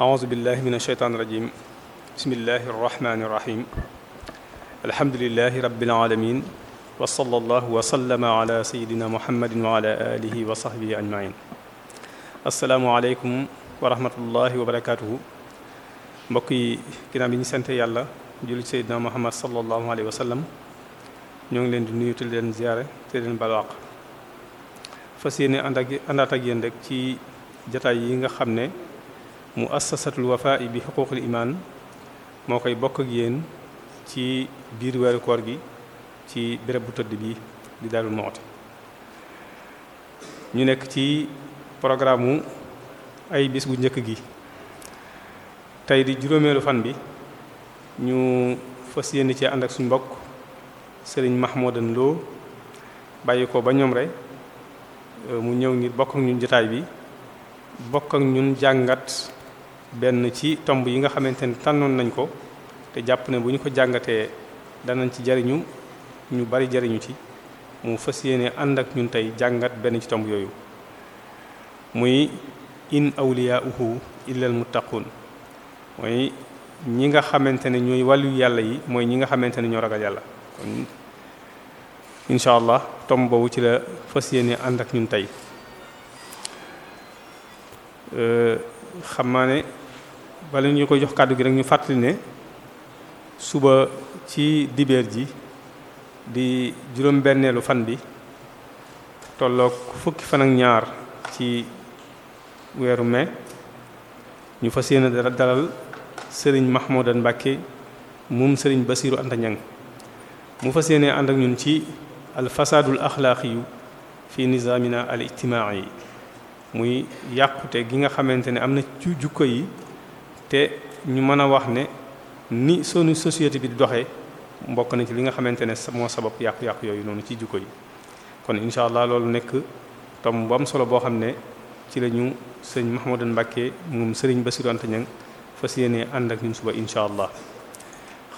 أعوذ بالله من الشيطان الرجيم بسم الله الرحمن الرحيم الحمد لله رب العالمين وصلى الله وسلم على سيدنا محمد وعلى آله وصحبه أجمعين السلام عليكم ورحمة الله وبركاته mbokk yi ginnaaw bi ñu sant yàlla julli Seydina Muhammad sallallahu alayhi wa sallam ñoo ngi leen di nuyu te leen ziare te leen balwaq fas yéene ànd ak àndaat ak yéen rek ci jataay yi nga xam ne mu assasatul wafaa bi xuquuqul imaan moo koy bokk ak yéen ci biir weeru koor gi ci béréb bu tëdd bii di Daaru Muxti ñu nekk ci programme mu ay bis bu njëkk gi tey di juróomeelu fan bi ñu fas yéene ci ànd ak suñu mbokk sëriñ Mahmoudan Lo bàyyi ko ba ñoom rek mu ñëw ngir bokk ak ñun jotaay bi bokk ak ñun jàngat benn ci tomb yi nga xamante ne tànnoon nañ ko te jàpp ne bu ñu ko jàngatee danañ ci jariñu ñu bari jariñu ci mu fas yéene ànd ak ñun tey jàngat benn ci tomb yooyu muy in awliyaa'uhu illal muttaquun mooy ñi nga xamante ne ñooy wàllu yàlla yi mooy ñi nga xamante ne ñoo ragal yàlla kon incha allah tomb boobu ci la fas yéene ànd ak ñun tey euh, xam ne bala ñu koy jox kàddu gi rek ñu fàttali ne suba ci dibeer ji di juróom benneelu fan bi tolloog fukki fan ñaar ci weeru mai ñu fas yéene dara daral sëriñ Mahmoudan Mbàkke moom sëriñ Basiiru Anta mu fas yéene ànd ci ñun ci alfasaadul axlaaqiyu fi nizaamina al ijtimaai yi muy yàqute gi nga xamante ne am na ci jukko yi te ñu mën a wax ne ni sunu société bi di doxee mbokk nañ ci li nga xamante ne moo sabab yàqu-yàqu yooyu noonu ci jikko yi kon incha allah loolu nekk tom bu solo boo xam ne ci la ñu sëñ Mouhamadou Mbacke moom sëriñ ba Anta Niang fas yéene ànd ak ñun suba incha allah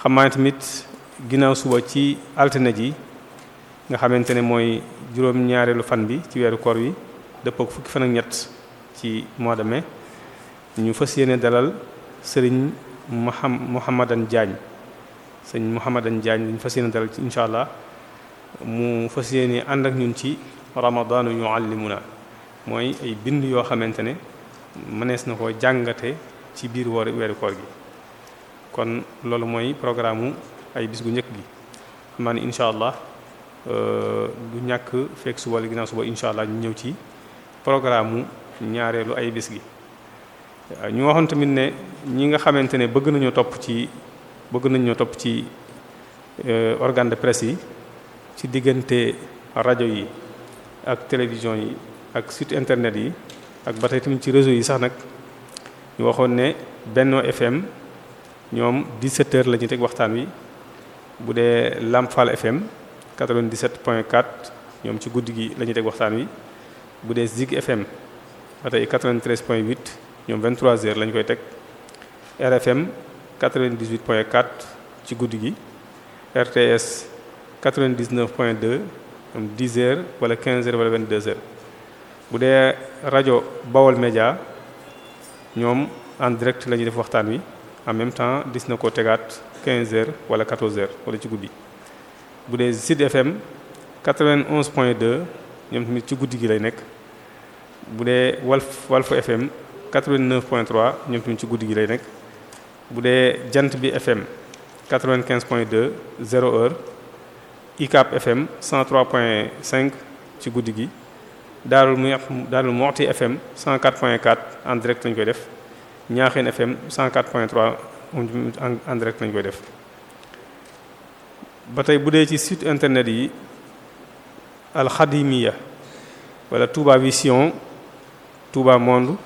xam naa tamit ginnaaw suba ci altine ji nga xamante ne mooy juróom-ñaareelu fan bi ci weeru koor wi dëppoo fukki fan ñett ci mois de mai ñu fas yéene dalal. sëriñ Mouham Mouhamadan jaañ sëriñ Mouhamadan jaañ ñu fas yéene dalal ci incha allah mu fas yéene ànd ak ñun ci ramadaanu yuallimuna mooy ay bind yoo xamante ne mënees na ko jàngate ci biir woor weeru koor gi kon loolu mooy programme mu ay bis gu njëkk gi xam naa incha allah euh, du ñàkk fekk suba la ginnaaw suba incha allah ñu ñëw ci programme mu ñaareelu ay bis gi ñu waxoon tamit ne ñi nga xamante ne bëgg nañoo topp ci bëgg nañoo topp ci euh, organ de presse yi ci diggante rajo yi ak télévision yi ak site internet yi ak ba tey tamit ci réseau yi sax nag ñu waxoon ne Benno FM ñoom 17h la ñu teg waxtaan wi bu dee Lampfal FM 97.4 ñoom ci guddi gi la ñu teg waxtaan wi bu dee Zig FM ba tey 93.8 ñoom 23h la ñu koy teg. RFM 98 point 4 ci guddi gi RTS 99 point 2 am 10 heures wala 15 heures wala 22 heures bu dee rajo Bawol Média ñoom en direct la ñuy def waxtaan wi en même temps dis na ko tegaat 15 heures wala 14 heures wala ci guddi bu dee Sud FM 91 point 2 ñoom tamit ci guddi gi lay nekk bu dee Walf Walf FM 89 point 3 ñoom tamit ci guddi gi lay nekk. bu dee jant bi FM 95 point 2 0 heure ICAP FM point 5 ci guddi gi Daarul mu Daarul Muxti FM 104 point 4 en direct lañ koy def Ñaaxeen FM 104 point 3 en direct lañ koy def ba tey bu dee ci site internet yi alxadimiya wala Touba Vision Touba Monde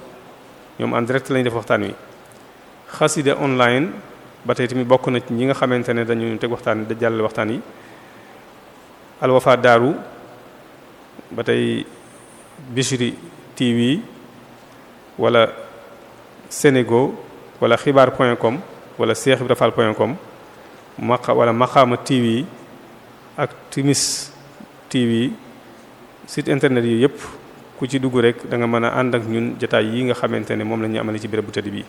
ñoom en direct lañ def waxtaan wi xasida online ba tey tamit bokk na ci ñi nga xamante ne dañu teg waxtaan da jàll waxtaan yi alwafa daaru ba tey Bichri TV wala Senego walla xibaar point com wala Cheikh Ibra Fall point com maqa wala Maqaama TV ak Timis TV site internet yi yëpp ku ci dugg rek da nga mën a ànd ak ñun jotaay yi nga xamante ne moom la ñu amale ci béréb bu tëdd bi.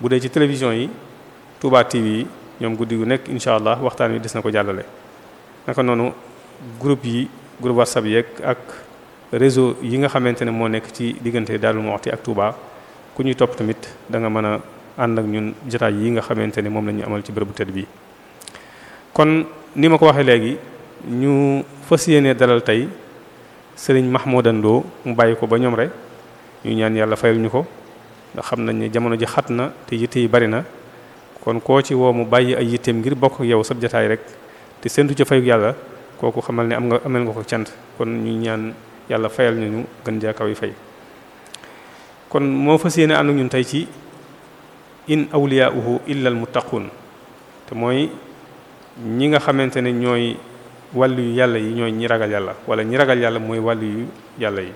bu dee ci télévision yi Touba TV yi ñoom guddi gu nekk incha allah waxtaan wi dis na ko jàllale. naka noonu group yi groupe whatsapp yeeg ak réseau yi nga xamante ne moo nekk ci diggante daal lu Darou Moukhty ak Touba ku ñuy topp tamit da nga mën a ànd ak ñun jotaay yi nga xamante ne moom la ñu amal ci bërëbu tëdd bi. kon ni ma ko waxee léegi ñu fas yéene dalal tey sëriñ Mahmoudane Lo mu bàyyi ko ba ñoom rek ñu ñaan yàlla fayal ñu ko. ndax xam nañ ne jamono ji xat na te yitte yi bari na kon koo ci woo mu bàyyi ay yitteem ngir bokk yow sab jataay rek te séntu ci fayu yàlla kooku xamal ne am nga amel nga ko cant kon ñu ñaan yàlla fayal ñu ñu gën jaa kaw yi fay. kon moo fa yéene ànd ñun tey ci in awliyaa'uhu illa al muttaqun te mooy ñi nga xamante ne ñooy wàllu yu yàlla yi ñooy ñi ragal yàlla wala ñi ragal yàlla mooy wàllu yu yàlla yi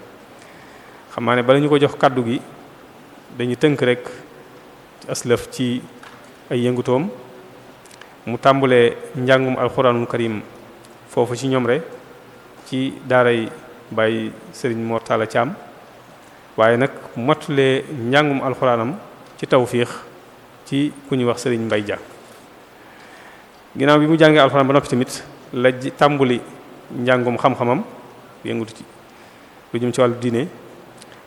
xam ne bala ñu ko jox kàddu gi. dañu tënk rek aslaf ci ay yëngutoom mu tàmbulee njàngum alxuraanul karim foofu ci ñoom rek ci daaray bàyyi sëriñ Mortala Thiam waaye nag matulee njàngum alxuraanam ci tawfiix ci ku ñuy wax sëriñ Mbay Dia ginnaaw bi mu jàngee alxuraan ba noppi tamit la tàmbuli njàngum xam-xamam yëngutu ci lu jëm ci wàllu diine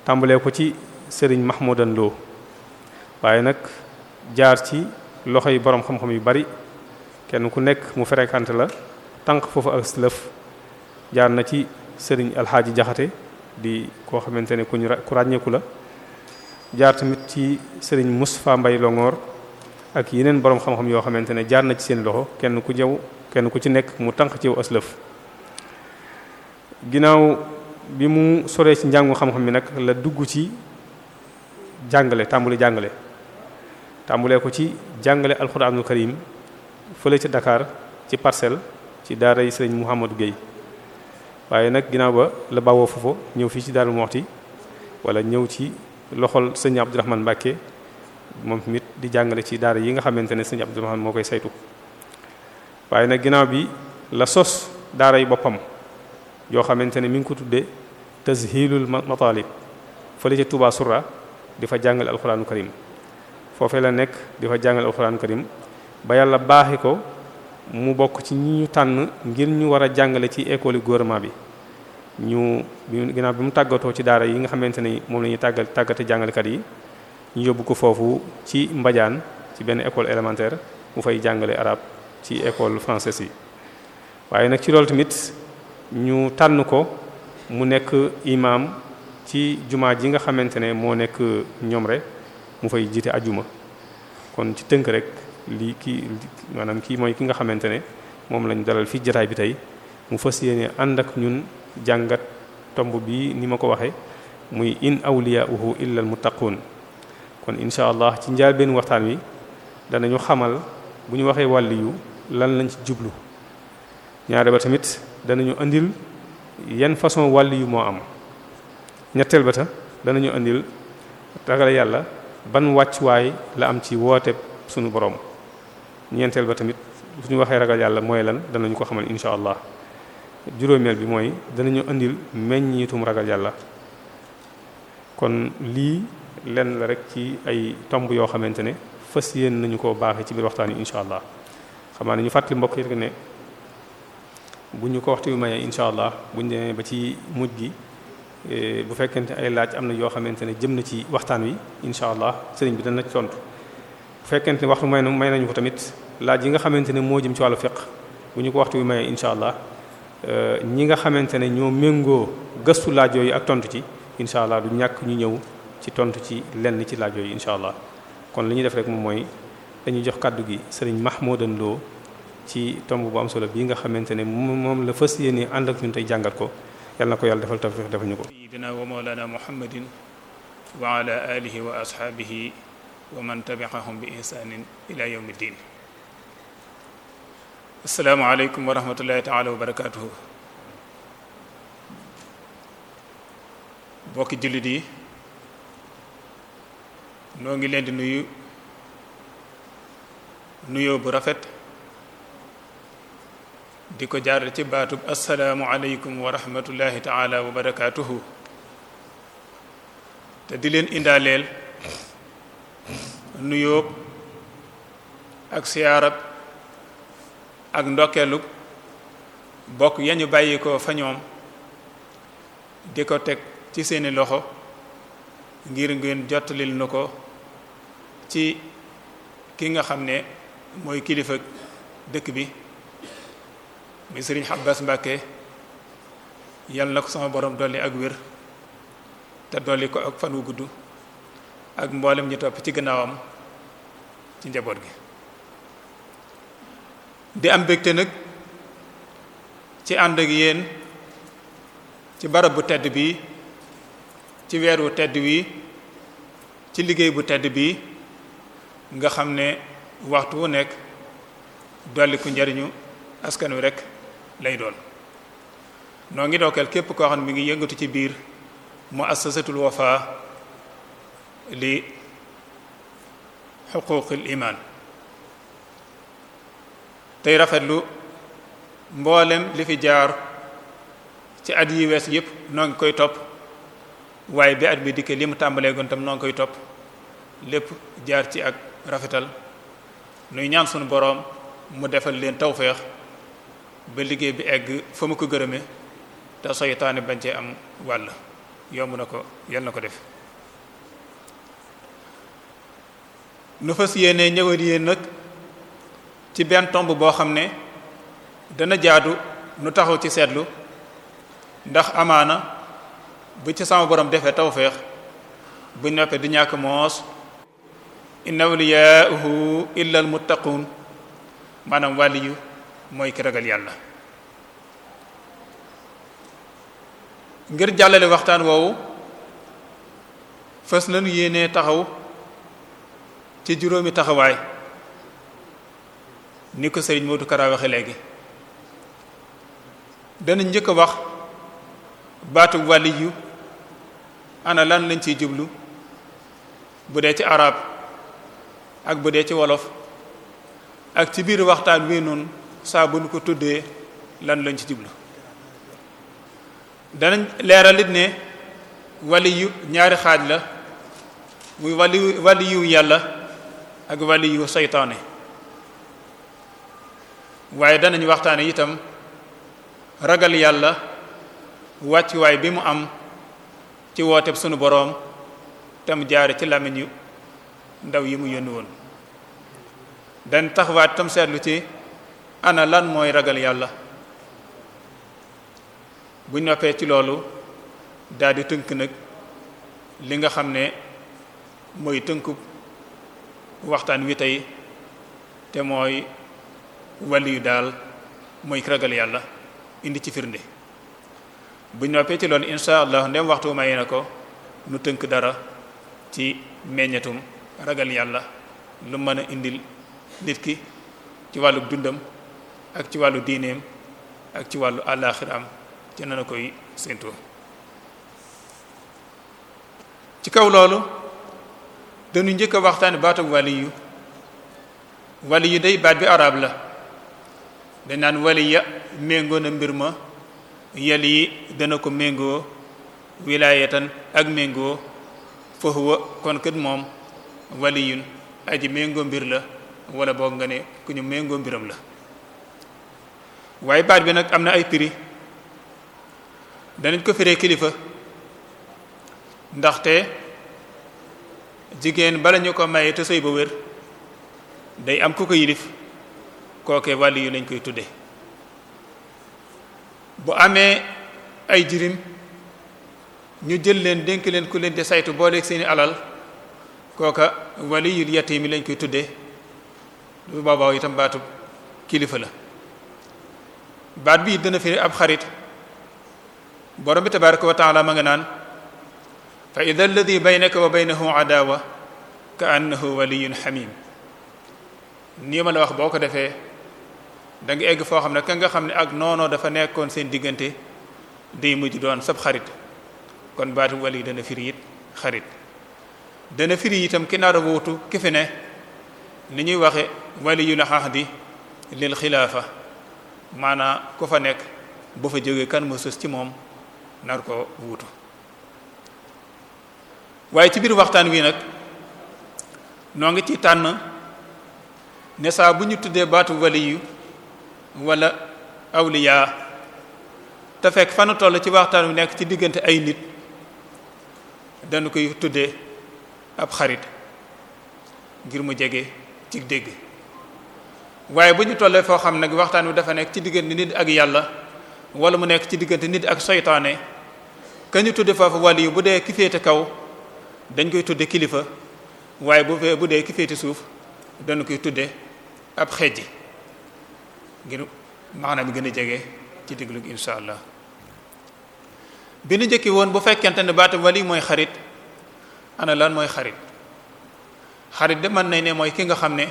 tàmbulee ko ci sëriñ Mahmoudan Lo waaye nag jaar ci loxo yi boroom xam-xam yu bari kenn ku nekk mu fréquenté la tànk foofu ak jaar na ci sëriñ alxaaji jaxate di koo xamante ne ku ràññeeku la jaar tamit ci sëriñ Moustapha Mbay Longoor ak yeneen boroom xam-xam yoo xamante ne jaar na ci seen loxo kenn ku jëw kenn ku ci nekk mu tànq ci aslëf ginnaaw bi mu soree ci njàngu xam-xam bi nag la dugg ci jàngale tàmbali jàngale tàmbule ko ci jàngale alxuraanul karim fële ca Dakar ci parcelle ci daara yi sëriñ Mouhamadou Guèye waaye nag ginnaaw ba la bawoo foofu ñëw fii ci Darou Moukhty wala ñëw ci loxol sëñ Abdourahmane Mbacké moom tamit di jàngale ci daara yi nga xamante ne sëñ Abdourahmane moo koy saytu waaye nag ginaaw bi la sos daara yi boppam yoo xamante ne mi ngi ko tuddee tazhilul matalib fële ca Touba Soura di fa jàngal alxuraanu karim foofee la nekk di fa jàngal alxuraanu karim ba yàlla baaxi ko mu bokk ci ñi ñu tànn ngir ñu war a jàngale ci école yi gouvernement bi ñu ginnaaw bi mu tàggatoo ci daara yi nga xamante ni moom la ñuy tàggal tàggate jàngalekat yi ñu yóbbu ko foofu ci Mbadiane ci benn école élémentaire mu fay jàngale arabe ci école française yi waaye nag ci loolu tamit ñu tànn ko mu nekk imam ci jumaa ji nga xamante ne moo nekk ñoom rek mu fay jiite ajuma kon ci tënk rek lii kii maanaam kii mooy ki nga xamante ne moom lañ dalal fii jataay bi tey mu fas yéene ànd ak ñun jàngat tomb bi ni ma ko waxe muy in awliyauhu illa al muttaqun kon incha allah ci njaal benn waxtaan wi danañu xamal bu ñu waxee wàlliyu lan lañ ci jublu ñaare ba tamit danañu indil yan façon wàlliyu moo am ñetteel ba ta danañu indil ragal yàlla ban wàccuwaay la am ci woote sunu borom ñeenteel ba tamit suñu waxee ragal yàlla mooy lan danañu ko xamal insha allah juróomeel bi mooy danañu indil meññitum ragal yàlla kon lii lenn la rek ci ay tomb yoo xamante ne fas yéen nañu koo baaxee ci biir waxtaan yi incha allah xamaa ne ñu fàtte mbokk yi rek ne bu ñu ko waxtu bi mayee incha allah bu ñu ba ci mujj gi Eh, bu fekkente ay laaj am na yoo xamante ne jëm na ci waxtaan wi incha allah sëriñ bi dana ci tontu bu fekkente ne waxtu may may nañu ko tamit laaj yi nga xamante ne moo jëm ci wàllu fiq bu ñu ko waxtu wi mayee incha allah eh, ñi nga xamante ne ñoo méngoo gëstu laaj yooyu ak tontu ci incha allah du ñàkk ñu ñëw ci tontu ci lenn ci laaj yooyu incha allah kon li ñuy def rek moom mooy dañu jox kàddu gi sëriñ Mahmoudan Lo ci tomb bu am solo bii nga xamante ne moom la fas yéene ànd ak ñun tey jàngat ko. yàlla na ko yàlla defal tawfiq defal ñu ko sayyidina wa mawlana muhammadin wa ala alihi wa ashaabihi wa man tabi'ahum bi ihsanin ila yawmi ddin assalaamu aleykum wa rahmatullahi taala wa barakatuhu bokki jullit yi noo ngi leen di nuyu nuyoo bu rafet di ko jaar ci baatub asalaamualeykum wa rahmatullahi taala wa barakaatuhu te di leen indaaleel nuyóob ak siyaarab ak ndokkeelub bokk yañu bàyyi ko fa ñoom di ko teg ci seeni loxo ngir ngeen jottalil nu ko ci ki nga xam ne mooy kilifa dëkk bi muy sëriñ Abbas Mbàkke yàlla na ko sama boroom dolli ak wér te dolli ko ak fan wu gudd ak mboolem ñu topp ci gannaawam ci njaboot gi di am bégte nag ci ànd ak yéen ci barab bu tedd bi ci weer wu tedd wi ci liggéey bu tedd bi nga xam ne waxtu wu nekk dolli ku njariñu askan wi rekk lay doon noo ngi dookeel képp koo xam ne mi ngi yëngatu ci biir mu muassasatul wafa li xuquqil imaan tey rafetlu mboolem li fi jaar ci at yi wees yëpp noo ngi koy topp waaye bi at bi dikkee li mu tàmbalee goon tam noo ngi koy topp lépp jaar ci ak rafetal nuy ñaan sunu boroom mu defal leen tawféex ba liggéey bi egg fa mu ko gërëmee te soytaane bañ cee am wàll yomb na ko yal na ko def nu fas yéene ñëwat yéen nag ci benn tomb boo xam ne dana jaadu nu taxaw ci seetlu ndax amaana bu ci sama borom defee tawféex bu nekk di ñàkk moos inna awliyaahu illa almuttaquun maanaam wàlli yu mooy ki ragal yàlla ngir jàllale waxtaan woowu fas nañu yéenee taxaw ci juróomi taxawaay ni ko sëriñ Modou Kara waxe léegi dana njëkk a wax baatu wàlli yu ana lan lañ ci jublu bu dee ci arab ak bu dee ci wolof ak ci biir waxtaan wi noonu saa bu ñu ko tuddee lan lañ ci jublu danañ leeral it ne waliyu ñaari xaaj la muy wali waliyu yàlla ak waliyu seytaane waaye danañ waxtaane itam ragal yàlla wàccuwaay bi mu am ci wooteb sunu boroom tam jaare ci làmmiñ yu ndaw yi mu yónni woon dañ taxawaat tam seetlu ci ana lan mooy ragal yàlla bu noppee ci loolu daal tënk nag li nga xam ne mooy tënkub waxtaan wi tey te mooy wàlli yu daal mooy ragal yàlla indi ci firnde bu noppee ci loolu insha allah ndem waxtu may na ko nu tënk dara ci meññetum ragal yàlla lu mën a indil nit ki ci wàllu dundam ak ci wàllu diineem ak ci wàllu àllaaxiraam ci na koy séentoo ci kaw loolu dañu waxtaan a waxtaane yu waliyu yi day baat bi arab la danaan naan waliya méngoo mbir ma yel yi dana ko méngoo wilaayatan ak méngoo fahuwa kon kët moom yi aji méngoo mbir la wala boog nga ne ku ñu méngoo mbiram la waaye baat bi nag am na ay prix danañ ko firee kilifa ndaxte jigéen bala ñu ko maye te sëy ba wér day am ku ko yilif kooke wàll yu lañ koy tudde bu amee ay jirim ñu jël leen dénk leen ku leen di saytu booleeg seeni alal kooka waliyul yatiim yi lañ koy tudde lu boobaa itam baatu kilifa la baat bii dana firi ab xarit borom bi tabaraka wa taala ma nga naan fa ida alladi baynaka wa baynahu adawa ka annahu waliyun xamim nii ma la wax boo ko defee danga egg foo xam ne ka nga xam ne ak noonoo dafa nekkoon seen diggante day mujj doon sab xarit kon baatu wali dana firi yit xarit dana firi itam ki nar a wuutu ki ne ni ñuy waxe waliyul ahdi lil xilaafa maanaam ko fa nekk ba fa jógee kan ma sës ci moom nar ko wuutu waaye ci biir waxtaan wi nag noo ngi ci tànn ne saa bu ñu tuddee baatu waliyu wala awliyaa te fekk fanu toll ci waxtaan wi nekk ci diggante ay nit dañu koy tuddee ab xarit ngir mu jege ci dégg waaye bu ñu tollee foo xam nag waxtaan wi dafa nekk ci diggante nit ak yàlla wala mu nekk ci diggante nit ak soytaane ka ñu tudde foofu wàll bu dee ki féete kaw dañ koy tudde kilifa waaye bu bu dee ki suuf dañu koy tudde ab xejji ngir bi gën a jege ci diglu gi allah bi nu njëkki woon bu fekkente ne baat wali mooy xarit ana lan mooy xarit xarit de mën nañ ne mooy ki nga xam ne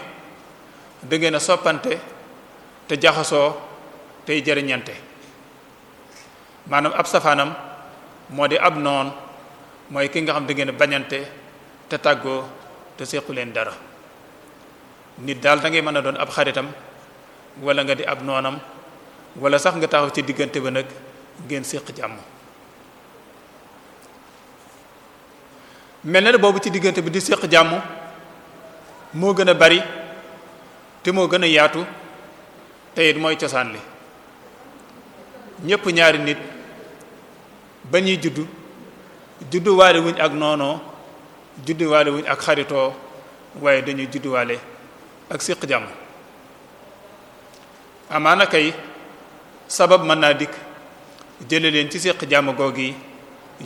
dangeen na soppante te jaxasoo tey jëriñante maanaam ab safaanam moo di ab noon mooy ki nga xam dëgg bañante te tàggoo te séqu leen dara nit daal dangay mën a doon ab xaritam wala nga di ab noonam wala sax nga taxaw ci diggante bi nag ngeen séq jàmm mel na boobu ci diggante bi di séq jàmm moo gën a bari te moo gën a yaatu te mooy cosaan li ñépp ñaari nit ba ñuy juddu judduwaale wuñ ak noonoo judduwaale wuñ ak xaritoo waaye dañuy judduwaale ak siq jàmm amaana kay sabab mën naa dikk jële leen ci siq jàmm googi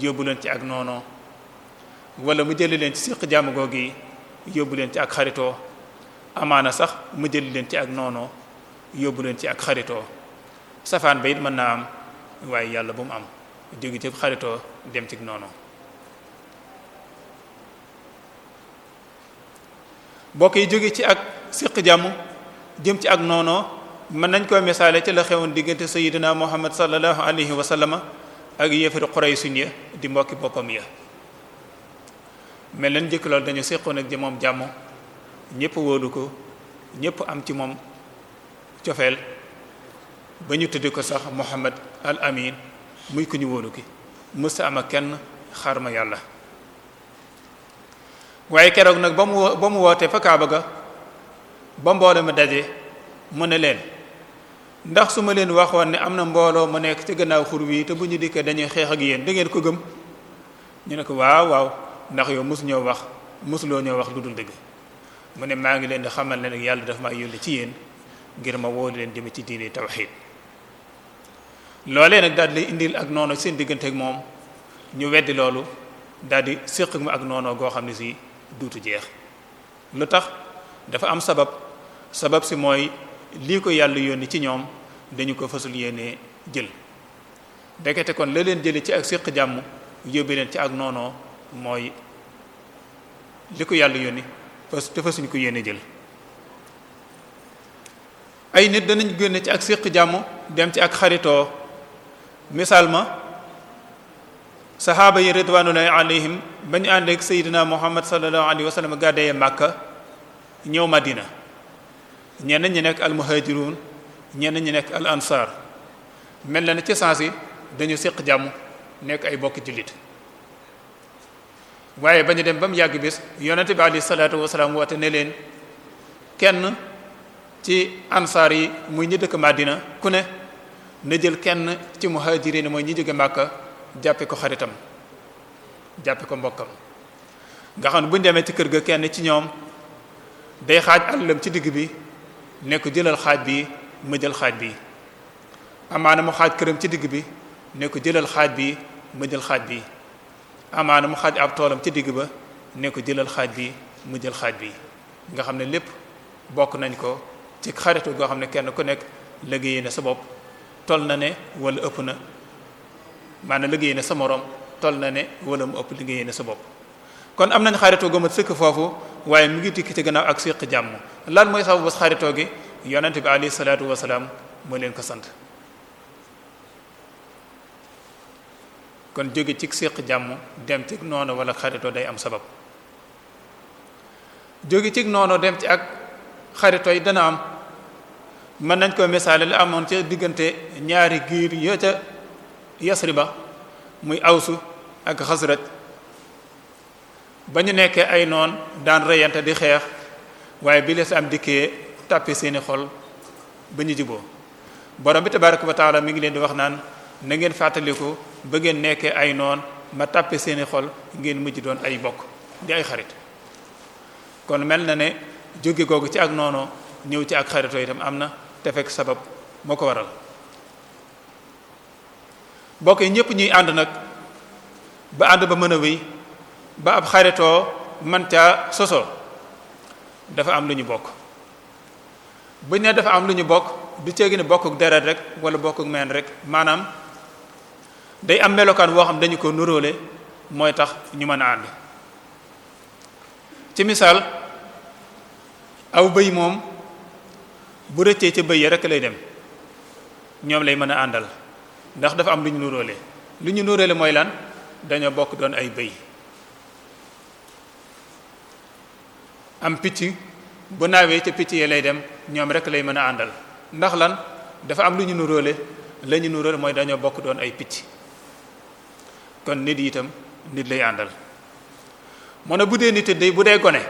yóbbu leen ci ak noonoo wala mu jële leen ci siq jàmm googi yóbbu leen ci ak xaritoo amaana sax mu jël leen ci ak noonoo yóbbu leen ci ak xaritoo safaan ba it mën naa am waaye yàlla bu mu am jóge ci xaritoo ci noonoo bokk yi jóge ci ak siq jàmm jëm ci ak noonoo mën nañ koo misaale ci la xewoon diggante sayidina muhammad sallallahu alayhi wa sallama ak yéefari xuray suñ ya di mbokki boppam ya mel leen jëkk loolu dañu séqoon ak jëmoom jàmm ñëpp wóodu ko ñépp am ci moom cofeel ba ñu tuddi ko sax Muhammad al Amin muy ku ñu wóolu ki mësta am a kenn xaar ma yàlla waaye keroog nag ba mu ba mu wootee fa Kaaba ga ba mbooloo ma daje mu ne leen ndax su ma leen waxoon ne am na mbooloo mu nekk ci gannaaw xur yi te bu ñu dikkee dañuy xeex ak yéen da ko gëm ñu ne ko waaw waaw ndax yow mosu ñoo wax mosuloo ñoo wax lu dul dégg mu ne maa ngi leen di xamal ne nag yàlla daf maa yónni ci yéen ngir ma woo leen jëme ci diine tawxid loolee nag daal di lay indil ak noonu seen diggante ak moom ñu weddi loolu daldi séq séq ak noonu goo xam ne si duutu jeex lu tax dafa am sabab sabab si mooy lii ko yàlla yónni ci ñoom dañu ko fasul yéenee jël ndekete kon la leen jële ci ak séq jàmm yóbbi leen ci ak noonoo mooy li ko yàlla yónni fas te fasuñ ko yéene jël ay nit danañ génne ci ak séq jàmm dem ci ak xaritoo misaal ma saxaaba yi ridwanullahi alayhim bañu ànd ak sayidina muhammad sallallahu alayhi wa sallam màkka ñëw madina ñenn ñi nekk al muhajirun ñenn ñi nekk al mel na ne ci sens dañu séq jàmm nekk ay bokki jullit waaye bañu dem ba mu yàgg bis yonent bi alayhi salaatu wasalaam woote ne leen kenn ci ansaar yi muy ñi dëkk màddina ku ne na jël kenn ci muhajirin mooy ñi jóge Màkka jàppe ko xaritam jàppe ko mbokkam nga xam ne bu ñu demee ci kër ga kenn ci ñoom day xaaj àllam ci digg bi ne jëlal xaaj bi ma jël xaaj bi amaana mu xaaj këram ci digg bi ne ko jëlal xaaj bi ma jël xaaj bi amaana mu xaaj ab toolam ci digg ba ne jëlal xaaj bi mu jël xaaj bi nga xam ne lépp bokk nañ ko ci xaritu goo xam ne kenn ku nekk liggéey na sa bopp toll na ne wala ëpp na maanaam liggéey na sa morom toll na ne wala mu ëpp liggéey na sa bopp kon am nañ xaritoo gu mat sëkk foofu waaye mu ngi tikki ci gannaaw ak séq jàmm lan mooy sababu xaritoo gi yonente bi alayhi salaatu wasalaam moo leen ko sant kon jóge ci séq jàmm dem ci noonu wala xaritoo day am sabab jóge ci noonu dem ci ak xaritoo yi dana am mën nañ ko misaale la amoon ca diggante ñaari giir yoo ca yasri ba muy awsu ak xasraj ba ñu nekkee ay noon daan reyante di xeex waaye bi lees am dikkee tàppe seeni xol ba ñu jiboo borom bi tabaraka wa taala mi ngi leen di wax naan na ngeen fàttaliku ba ngeen nekkee ay noon ma tàppe seeni xol ngeen mujj doon ay bokk di ay xarit kon mel na ne jóge kooku ci ak noonoo ñëw ci ak xaritoo itam am na te fekk sabab moo ko waral bokk yi ñëpp ñuy ànd nag ba ànd ba mën a wéy ba ab xaritoo man caa sosoo dafa am lu ñu bokk bu ñu ne dafa am lu ñu bokk du ceegi ne bokkuk deret rek wala bokkuk meen rek maanaam day am melokaan woo xam dañu ko nuróole mooy tax ñu mën a ànd ci misaal aw bëy moom bu rëccee ca bëy yi rek lay dem ñoom lay mën a àndal ndax dafa am lu ñu nuróole ñu nuróole mooy lan dañoo bokk doon ay bëy am picc bu naawee ca picc ya lay dem ñoom rek lay mën a àndal ndax lan dafa am lu ñu nuroole la ñu mooy dañoo bokk doon ay picc kon nit yi itam nit lay àndal mu ne bu dee nit day bu dee gone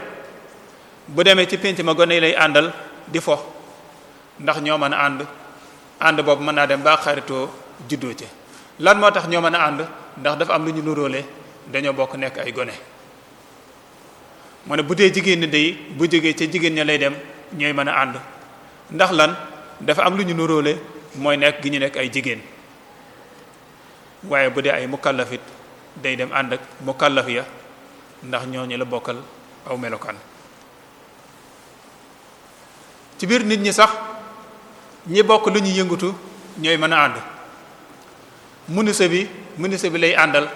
bu demee ci pénc ma gone yi lay àndal di fo ndax ñoo mën a ànd ànd boobu mën naa dem ba xaritoo juddoo ca lan moo tax ñoo mën a ànd ndax dafa am lu ñu nuroole dañoo bokk nekk ay gone mu bu dee jigéen ñi day bu jógee ca jigéen ña lay dem ñooy mën a ànd ndax lan dafa am lu ñu nuróole mooy nekk gi ñu nekk ay jigéen waaye bu dee ay mukallafit day dem ànd ak mukallaf ya ndax ñooñu la bokkal aw melokaan ci biir nit ñi sax ñi bokk lu ñu yëngatu ñooy mën a ànd munise bi munise bi lay àndal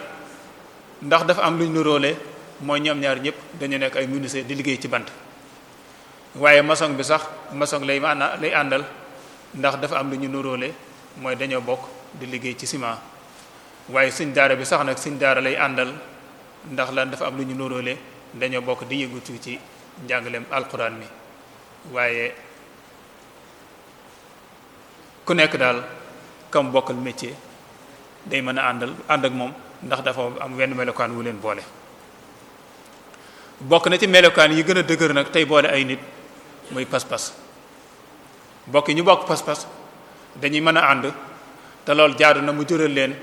ndax dafa am lu ñu nuróole mooy ñaar ñëpp dañu nekk ay munise di liggéey ci bant waaye maçon bi sax maçon lay lay àndal ndax dafa am lu ñu nuróole mooy dañoo bokk di liggéey ci ciment waaye suñ daara bi sax nag suñ daara lay àndal ndax lan dafa am lu ñu nuróole dañoo bokk di yëngatu ci njàngaleem alquran mi waaye ku nekk daal kam bokkal métier day mën a àndal ànd ak moom ndax dafa am wenn melokaan wu leen boole bokk na ci melokaan yi gën a dëgër nag tey boole ay nit muy pas-pas bokk ñu bokk pas-pas dañuy mën a ànd te loolu jaadu na mu jural leen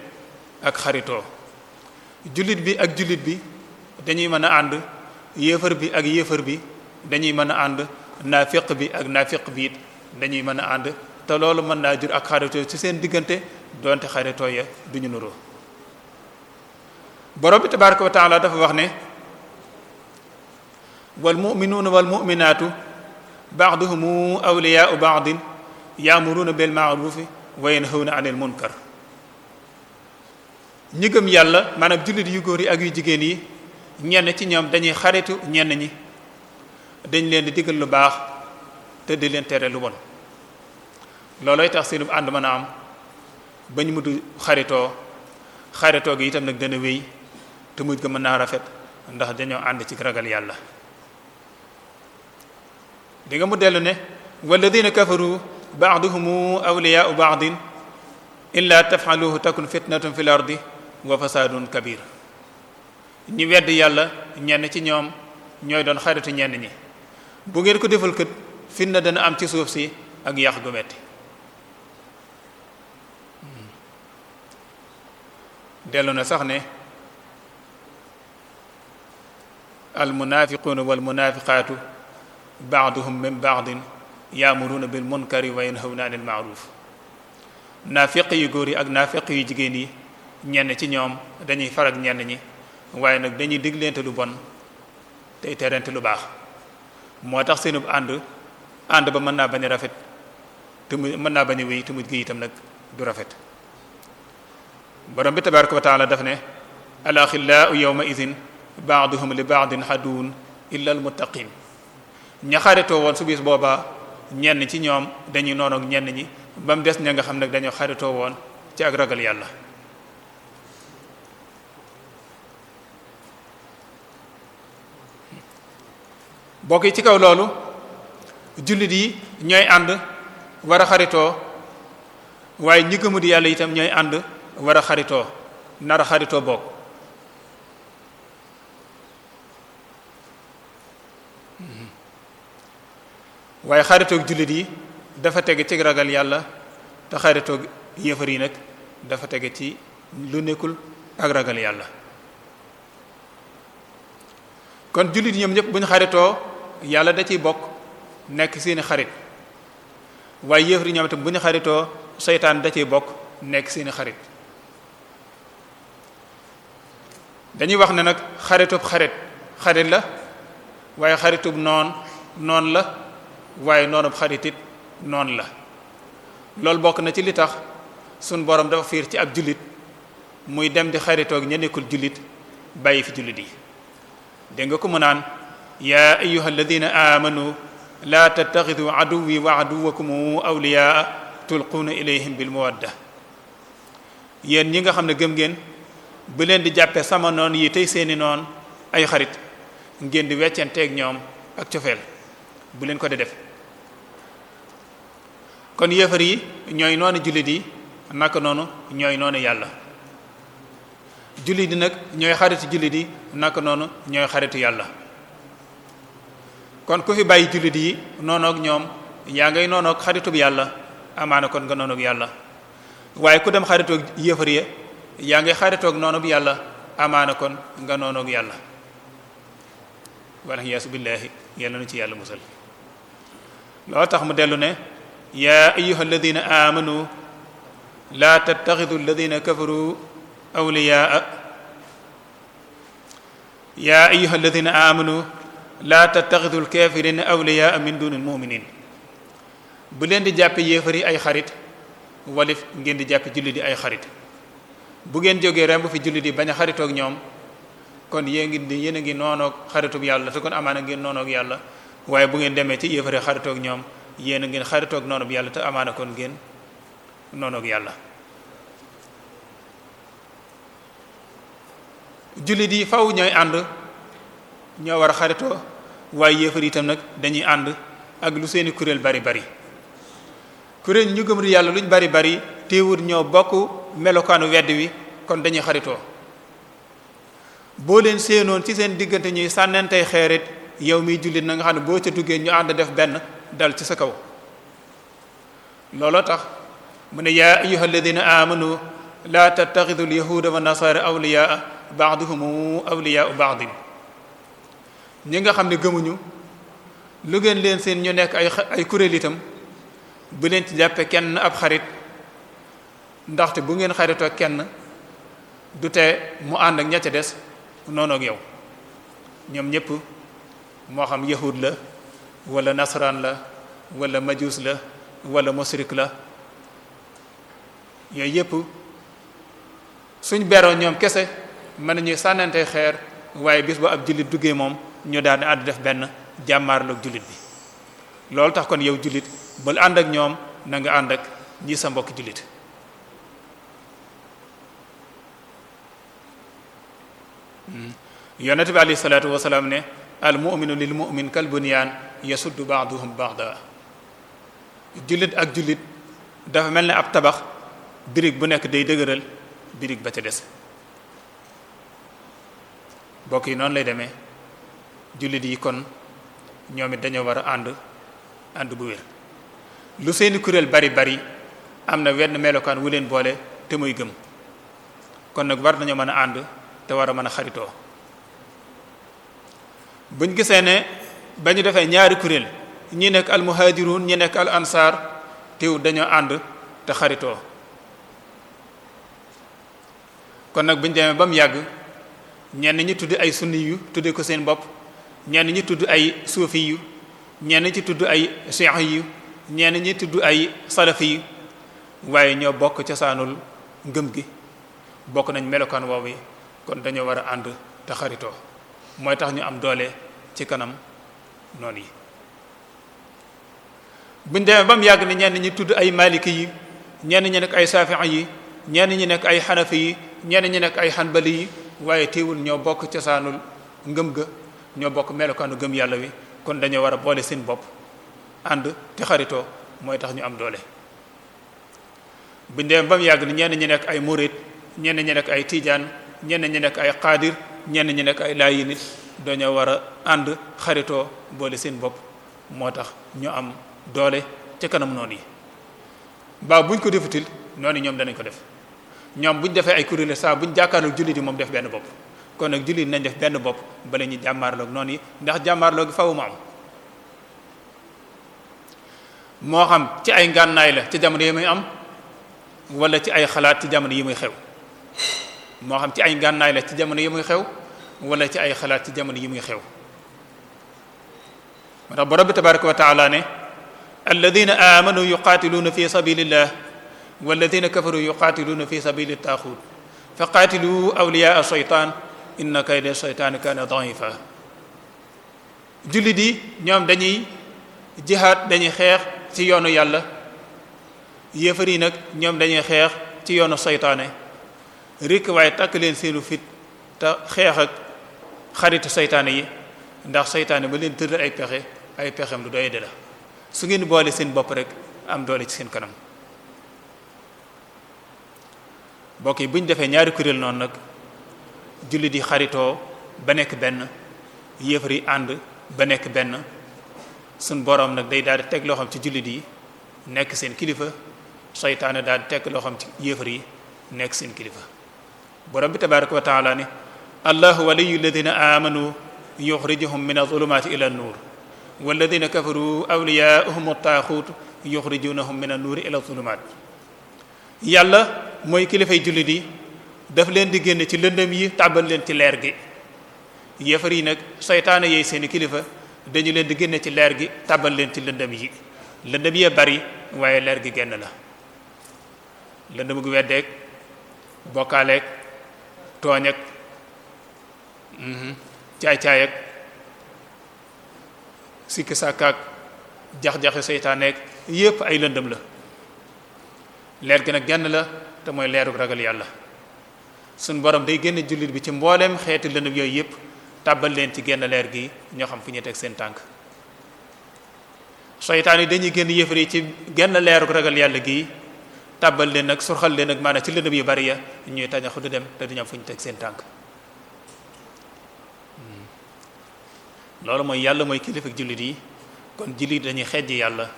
ak xaritoo jullit bi ak jullit bi dañuy mën a ànd yéefar bi ak yéefar bi dañuy mën a ànd naafiq bi ak naafiq bi it dañuy mën a ànd te loolu mën naa jur ak xaritoo ci seen diggante donte xaritoo ya duñu nuroo borom bi tabaraka wa taala dafa wax ne wal muminuuna wal muminaatu baaduhumu awliyaau baadin yaamuruuna bil maarufi wa yanhawna anil munkar ñi gëm yàlla maanaam jullit yu góor yi ak yu jigéen yi ñenn ci ñoom dañuy xaritu ñenn ñi dañ leen di digal lu baax te di leen tere lu bon loolooy tax seenub ànd mën a am ba ñu mujj xaritoo xaritoo gi itam nag dana wéy te mujj ko mën naa rafet ndax dañoo ànd ci ragal yàlla di nga mu dellu ne walladina kafaru di ba'duhum awliyaa'u ba'din illa taf'aluhu takun fitnatun fil ardi wa fasaadun kabir ñi wedd yàlla ñenn ci ñoom ñooy doon xaritu ñenn ñi bu ngeen ko defal kët fitna dana am ci suuf si ak yàq gu metti hmm. dellu na sax ne almunaafiquuna walmunaafiqaatu baaduhum min baadin yaamuruuna bil munkari wa yanhawna anil maaruf naafiq yu góor yi ak naafiq yu jigéen yi ñenn ci ñoom dañuy farak ñenn ñi waaye nag dañuy digleente lu bon tey terente lu baax moo tax seenub ànd ànd ba mën naa bañ a rafet te mu mën naa bañ a wéy te mujj gi itam nag du rafet borom bi tabaraka wa taala daf ne al axillaau yawma idin baaduhum li baadin haduun illa al muttaqin ña xaritoo woon su biis boobaa ñenn ci ñoom dañuy noonu ak ñenn ñi ba des ña nga xam nag dañoo xaritoo woon ci ak ragal yàlla bokk yi ci kaw loolu jullit yi ñooy ànd war a xaritoo waaye ñi gëmut yàlla itam ñooy ànd war a xaritoo nar a xaritoo bokk waaye xaritoog jullit yi dafa teg ci ragal yàlla te xaritoog yéefar yi nag dafa tege ci lu nekkul ak ragal yàlla kon jullit ñoom ñëpp bu ñu xaritoo yàlla da ciy bokk nekk seeni xarit waaye yéefar yi ñoom itam bu ñu xaritoo seytaan da ciy bokk nekk seeni xarit dañuy wax ne nag xaritub xarit xarit la waaye xaritub noon noon la waaye noonub xaritit noon la loolu bokk na ci li tax sunu boroom dafa fiir ci ab jullit muy dem di xaritoog ña nekkul jullit bàyyi fi jullit yi dégg ko mu naan yaa ayuha alladina aamanu laa tattaxidu aduwi wa aduwakum awliyaa tulquuna ilayhim bil mawadda yéen ñi nga xam ne gëm ngeen bu leen di jàppee sama noon yi tey seeni noon ay xarit ngeen di weccenteeg ñoom ak cofeel bu leen ko di def kon yéefar yi ñooy noonu jullit yi naka noonu ñooy noonu yàlla jullit yi nag ñooy xaritu jullit yi naka noonu ñooy xaritu yàlla kon ku fi bàyyi jullit yi noonoog ñoom yaa ngay noonoog xaritub yàlla amaana kon nga noonoog yàlla waaye ku dem xaritoog yéefar ya yaa ngay xaritoog noonub yàlla amaana kon nga noonoog yàlla wala yaasu billaahi yàlla nu ci yàlla tax mu dellu ne yaa ayuha alladina amanu laa amanu laa tattaxidu alkafirina awliyaa min duni almuminin bu leen di jàppe yéefar yi ay xarit walif ngeen di jàppe jullit yi ay xarit bu ngeen jógee rem bu fi jullit yi bañ a xaritoog ñoom kon yée ngi yéen ngi noonoog xaritub yàlla te kon amaana ngeen noonoog yàlla waaye bu ngeen demee ci yéefar xaritoog ñoom yéen a ngeen xaritoog noonub yàlla te amaana kon ngeen noonoog yàlla jullit yi faw ñooy ànd ñoo war a xaritoo waaye yéefar itam nag dañuy ànd ak lu seeni kuréel bari bari kuréel ñu gëm yàlla luñ bari bari téewut ñoo bokk melokaanu wedd wi kon dañuy xaritoo boo leen séenoon ci seen diggante ñuy sànnantey xeerit yow miy jullit na nga xam ne boo ca duggee ñu ànd def benn dal ci sa kaw looloo tax mu ne yaa ayuha alladina amanu la tattaxidu alyahuda wa nasaara awliyaa baaduhum baax baadin ñi nga xam ne gëmuñu lu gën leen seen ñu nekk ay ay kuréel itam bu leen ci jàppee kenn ab xarit ndaxte bu ngeen xaritoo kenn du tee mu ànd ak ña ci des noonu ak yow ñoom ñëpp moo xam yahud la walla nasaraan la wala majuus la walla musrik la yooyu yëpp suñ beroo ñoom kese mën nañuy sànnante xeer waaye bis boo ab jullit duggee moom ñu daal di ànd def benn jàmmaarloog jullit bi loolu tax kon yow jullit bal ànd ak ñoom na nga ànd ak ñi sa mbokk jullit hmm. yonent bi alayhi salaatu wasalaam ne al mu'minu lil mu'min baax bunyaan yasuddu baax ba'da jullit ak jullit dafa mel ne ab tabax birig bu nekk day dëgëral birig ba ca des mbokk yi noonu lay demee jullit yi kon ñoom it dañoo war a ànd ànd bu wér lu seeni kuréel bari bari am na wenn melokaan wu leen boole te muy gëm kon nag war nañoo mën a ànd te war a mën a xaritoo buñ gisee ne ba ñu defee ñaari kuréel ñi nekk al muhajirun ñi nekk al ansar teew dañoo ànd te xaritoo kon nag buñ demee ba mu yàgg ñenn ñi tuddi ay sunni tuddee ko seen bopp ñenn ñi tudd ay suufi yu ñenn ñi tudd ay cheikh yu ñenn ñi tudd ay salafi yu waaye ñoo bokk cosaanul ngëm gi bokk nañ melokaan woowu yi kon dañoo war a ànd te xaritoo mooy tax ñu am doole ci kanam noonu yi buñ demee ba mu yàgg ni ñenn ñi tudd ay maliki yi ñenn ñi nekk ay saafi'i yi ñenn ñi nekk ay xanafi yi ñenn ñi nekk ay xanbali yi waaye teewul ñoo bokk cosaanul ngëm ga ñoo bokk melokaanu gëm yàlla wi kon dañoo war a boole seen bopp ànd te xaritoo mooy tax ñu am doole buñ dem ba yàgg ni ñenn ñi nekk ay murit ñenn ñu nekk ay tiijaan ñenn ñu nekk ay xaadir ñenn ñi nekk ay laayi nit war a ànd xaritoo boole seen bopp moo tax ñu am doole ca kanam noonu yi baa buñ ko defutil noonu ñoom danañ ko def ñoom buñ defee ay kuréel saa buñ jàkkaarloo jullit yi moom def benn bopp kon nag jullit nañ def benn bopp bala ñu jàmmaarloog noonu yi ndax jàmmaarloogi fawu mu am moo xam ci ay ngànnaay la ci jamono yi muy am wala ci ay xalaat ci jamono yi muy xew moo xam ci ay ngànnaay la ci jamono yi muy xew wala ci ay xalaat ci jamono yi muy xew moo tax borom bi tabaraka wa taala ne alladina amanu yuqaatiluuna fi sabilillah walladina kafaru yuqaatiluuna fi sabili taaxut fa qaatilu awliyaa shaytaan indi inna kayda shaytaani kaana daifa jullit yi ñoom dañuy jihaad dañuy xeex ci yoonu yàlla yéefar yi nag ñoom dañuy xeex ci yoonu seytaane rikk waaye takk leen seenu fit te xeex ak xaritu seytaane yi ndax seytaane ba leen tëral ay pexe ay pexem lu doy de la su ngeen boole seen bopp rek am doole ci seen kanam mbokk yi bu ñu defee ñaari kuréel noonu nag jullit yi xaritoo ba nekk benn yéefar yi ànd ba nekk benn suñ boroom nag day daal di teg loo ci jullit yi nekk seen kilifa seytaane daal di teg loo xam ci yéefar yi nekk seen kilifa borom bi tabaraka wa taala ne allahu waliyu alladina amanu yuxrijuhum min azulumaati ila nuur walladina kafaru awliyaahum attaaxuut yuxrijunahum min annuuri ila zulumaat yàlla mooy kilifay jullit yi daf leen di génne ci lëndëm yi tàbbal leen ci leer gi yéefar yi nag seytaane yeey seeni kilifa dañu leen di génne ci leer gi tàbbal leen ci lëndëm yi lëndëm yee bari waaye leer gi génn la lëndëm gu weddeeg bokkaaleeg tooñ ak mhm, caay-caay ak jax-jaxi seytaaneeg yépp ay lëndëm la leer gi nag genn la te mooy leeru ragal yàlla suñ borom day génn jullit bi ci mbooleem xeeti lëndëm yooyu yëpp tàbbal leen ci genn leer gi ñoo xam fu ñuy teg seen tànk seytaan yi dañuy génn yëfar yi ci genn leeru ragal yàlla gi tàbbal leen ak surxal leen ak maanaam ci lëndëm yu bari ya ñuy tañaxu du dem te duñu am fu ñu teg seen tànk hmm. loolu mooy yàlla mooy kilifa ak jullit yi kon jullit dañuy xejj yàlla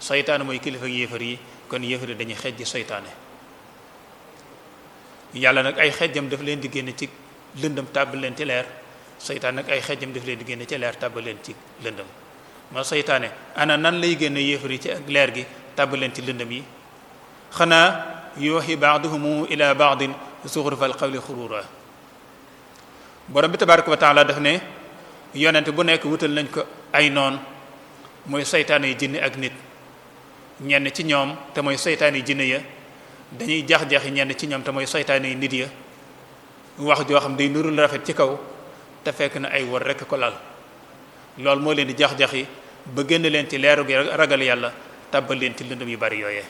soytaane mooy kilifa ak yéefar yi kon yéefar yi dañuy xejj seytaane yàlla nag ay xejjam daf leen di génne ci lëndëm tàbbal leen ci leer seytaan nag ay xejjam daf leen di génne ci leer tàbbal leen ci lëndëm ma seytaane ana nan lay génne yéefar yi ci ak leer gi tàbbal leen ci lëndëm yi xanaa yuuxi baax ila baadin zuxrufal qawli xurura borom bi tabaraka wa taala daf ne yonente bu nekk wutal nañ ko ay noon mooy seytaane yi jinne ak nit ñenn ci ñoom te mooy seytaane yi jinne ya dañuy jax-jaxi ñenn ci ñoom te mooy soytaane yi nit ya wax joo xam day nurul rafet ci kaw te fekk na ay wor rekk ko lal loolu moo leen di jax-jaxi ba génn leen ci leeru gi ragal yàlla tàbbal leen ci lëndëm yu bari yooyee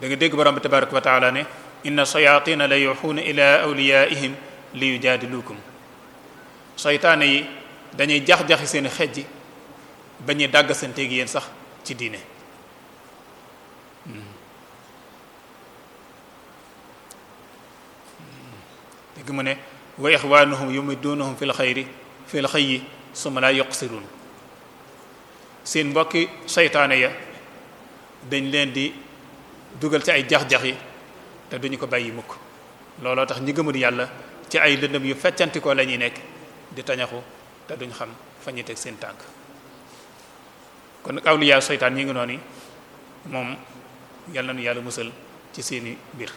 da dégg borom bi tabaraka wa taala ne inna shayatina la yuxuuna ila awliyaihim li yujaadilukum soytaane yi dañuy jax-jaxi seen xejji ba ñuy dàggasanteeg yéen sax ci diine léegi mu ne wa ixwanuhum yumidduunahum fil xayri fil xayyi suma laa yuqsirun seen mbokki seytaane ya dañ leen di dugal ci ay jax jaxi te duñu ko bàyyi mukk looloo tax ñi gëmul yàlla ci ay lëndëm yu feccantikoo ko la ñuy nekk di tañaxu te duñ xam fa ñuy teg seen tànk kon nag awliyaa seytaan ñu ngi noonu moom yàlla nañu yàlla musal ci seeni mbir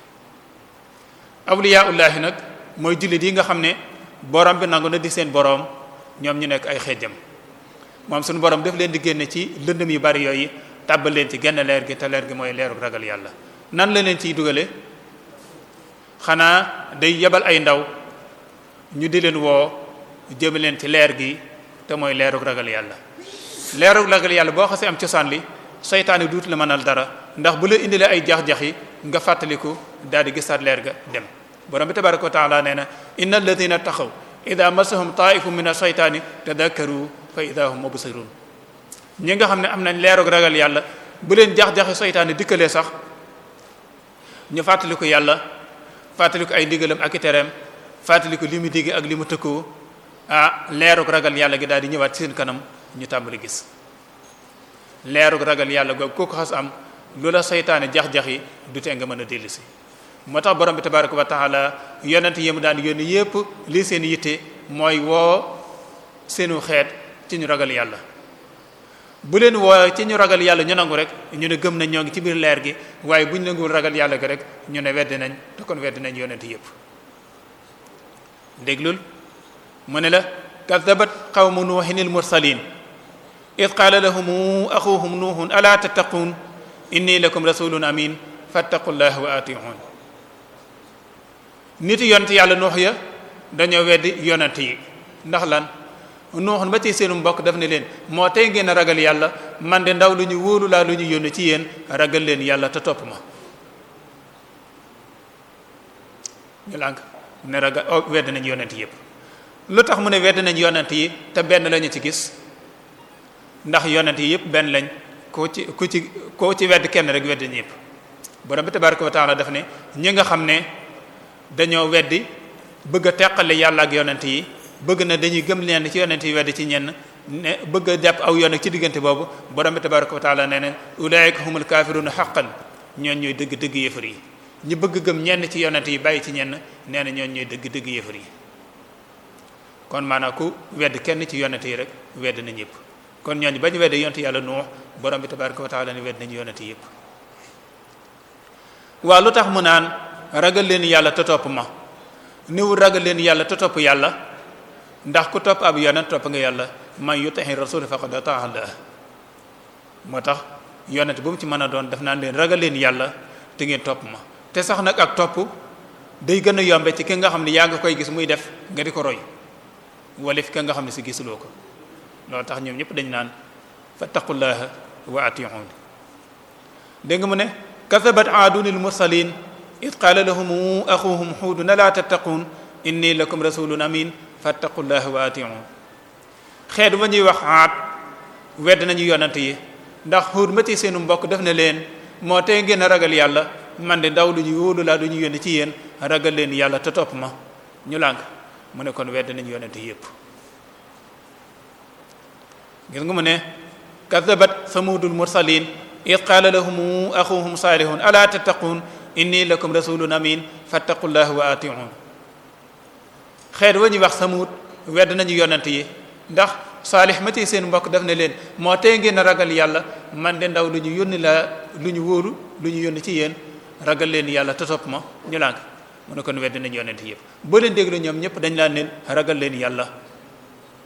awliyaullahi nag mooy jullit yi nga xam ne borom bi nangu na di seen boroom ñoom ñu nekk ay xeejam moom suñu borom daf leen di génne ci lëndëm yu bari yooyu tàbbal leen ci genn leer gi te gi mooy leeru ragal yàlla nan la leen ciy dugale xanaa day yebal ay ndaw ñu di leen woo jëme leen ci leer gi te mooy leeru ragal yàlla leeru ragal yàlla boo xasee am cosaan li seytaane duut la mënal dara ndax bu la indilee ay jax-jax yi nga fàttaliku daal di gisaat leer ga dem borom bi tabaraka wa taala nee na inna alladina taxaw taa ida masahum taifum min ashaytaani tadakkaru fa ida hum mubsirun ñi nga xam ne am nañ leeroog ragal yàlla bu leen jax-jaxe saytaane dikkalee sax ñu fàttaliku yàlla fàttaliku ay ndigalam ak i tereem fàttaliku li mu digg ak li mu tëkkoo ah leerug ragal yàlla gi daal di ñëwaat ci seen kanam ñu tàmbali gis leerug ragal yàlla googu kooku xas am loola saytaane jax-jax yi du tee nga mën a dellusi moo tax borom bi tabaraka wa taala yonent yi mu daan yónni yépp lii seen yitte mooy woo seenu xeet ci ñu ragal yàlla bu leen woo ci ñu ragal yàlla ñu nangu rek ñu ne gëm nañ ñoo ngi ci biir leer gi waaye bu ñu nanguwul ragal yàlla gi rek ñu ne weddi nañ te kon weddi nañ yonent yépp déglul mu ne la kaddabat qawmu nuuhin il mursalin id qaala lahum axuhum nuuhun ala tattaquun inni lakum rasulun amin fattaqu llah wa atiun nit yonent yàlla nuux ya dañoo weddi yonent yi ndax lan nuuxun ba ci seenu mbokk daf ne leen moo tey ngeen ragal yàlla man de ndaw lu ñu wóolu laa lu ñu yónni ci yéen ragal leen yàlla te topp ma ñu lànk ne ragal oh, wedd nañ yonent yépp lu tax mu ne wedd nañ yonent yi te benn lañu ci gis ndax yonent yi yépp benn lañ ko ci ku ci koo ci wedd kenn rek wedd ñépp borom bi tabaraka wa taala daf ne ñi nga xam ne dañoo weddi bëgg a teqale yàlla ak yonent yi bëgg na dañuy gëm leen ci yonent yi weddi ci ñenn ne bëgg jàpp aw yoon ci diggante boobu borom bi tabaraka wa taala nee na ulaayika humul kaafiruuna xaqan ñoon ñooy dëgg dëgg yëfar yi ñu bëgg gëm ñenn ci yonent yi bàyyi ci ñenn nee na ñoon ñooy dëgg dëgg yëfar yi kon maanaam ku wedd kenn ci yonent yi rek wedd na ñëpp kon ñooñu bañu wedde yonent yàlla nuux borom bi tabaraka wa taala ne wedd nañu yonent yëpp waaw lu tax ragal leen yàlla te topp ma niwul ragal leen yàlla te topp yàlla ndax ku topp ab yonent topp nga yàlla man yuti'i rasul faqad ata'a Allah moo tax yonent bu mu ci mën a doon def naan leen ragal leen yàlla te ngeen topp ma te sax nag ak topp day gën a yombe ci ki nga xam ne yaa nga koy gis muy def nga di ko roy wala fi ka nga xam ne si gisuloo ko loolu tax ñoom ñëpp dañ naan fattaqullaha wa ati'un dégg nga mu ne kasabat aadunil mursalin id qaala lahum axuhum xuudun alaa tattaquun inni lakum rasulun amin fattaqullaha wa atiun xeet ba wax aat wedd nañu yonante yi ndax xuud ma ci seenu mbokk def na leen moo tey ngeen a ragal yàlla man de ndaw lu ñu wóolu laa du ñu yónni ci yéen ragal leen yàlla te topp ma ñu lànk mu ne kon wedd nañu yonante yépp ne kadabat samudul mursalin id qaala lahum axuhum saalihun alaa tattaquun inni lakum rasulun amin fattaqullah wa atiun xeet wa ñuy wax samuut wedd nañu yonent yi ndax saalix ma ci seen mbokk def na leen moo tey ngeen a ragal yàlla man de ndaw lu ñu yónni la lu ñu wóolu lu ñu yónni ci yéen ragal leen yàlla te topp ma ñu lànk mu ne kon wedd nañu yonent yëpp boo leen déglu ñoom ñëpp dañ laa neen ragal leen yàlla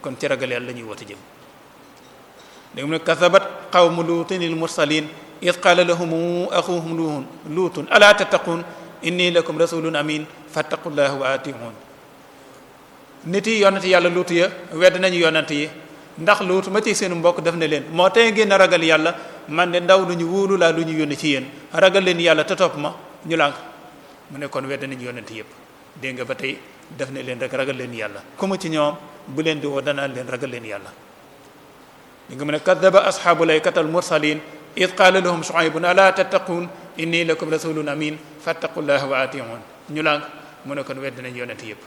kon ci ragal yàlla lañuy ñuy woote jëm dégg mu ne kasabat qawmu luutinil mursalin id qaala lahum axuhum luutun alaa tattaquun inni lakum rasulun amin fattaqullaha wa atiun nit yi yonent yàlla luutu ya wedd nañu yonent yi ndax luutu ma ci seenu mbokk def na leen moo tey ngeen a ragal yàlla man de ndaw lu ñu wóolu laa lu ñu yónni ci yéen ragal leen yàlla te topp ma ñu lànk mu ne kon wedd nañu yëpp dégg nga ba tey def na leen rek ragal leen yàlla ku ci ñoom bu leen di woo danaan leen ragal leen yàlla li nga mu ne kadaba ashaabu laykatal mursalin id qaala lahum shuaybun ala na inni lakum rasulun amin fattaqullaha wa atiun ñu lànk mu ne kon wedd nañ yonent yëpp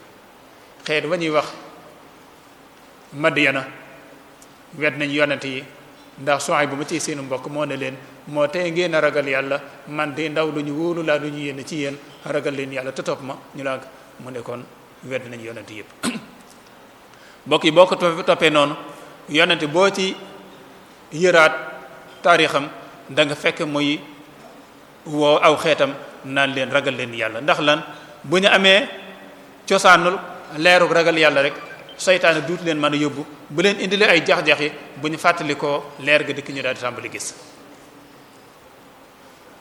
xeet ba ñuy wax Madyana wedd nañ yonent yi ndax Shuayb bu ma ci seen mbokk moo ne leen moo tey ngeen a ragal yàlla man de ndaw lu ñu wóolu laa lu ñu yénn ci yéen ragal leen yàlla te topp ma ñu lànk mu ne kon wedd nañ yonent yëpp mbokk yi boo ko toppee noonu yonent boo ci yëraat taarixam da nga fekk muy woo aw xeetam naan leen ragal leen yàlla ndax lan bu ñu amee cosaanul leerug ragal yàlla rek seytaane duut leen mën a yóbbu bu leen indile ay jax-jax bu ñu fàttalikoo leer ga dikk ñu daal di tàmbali gis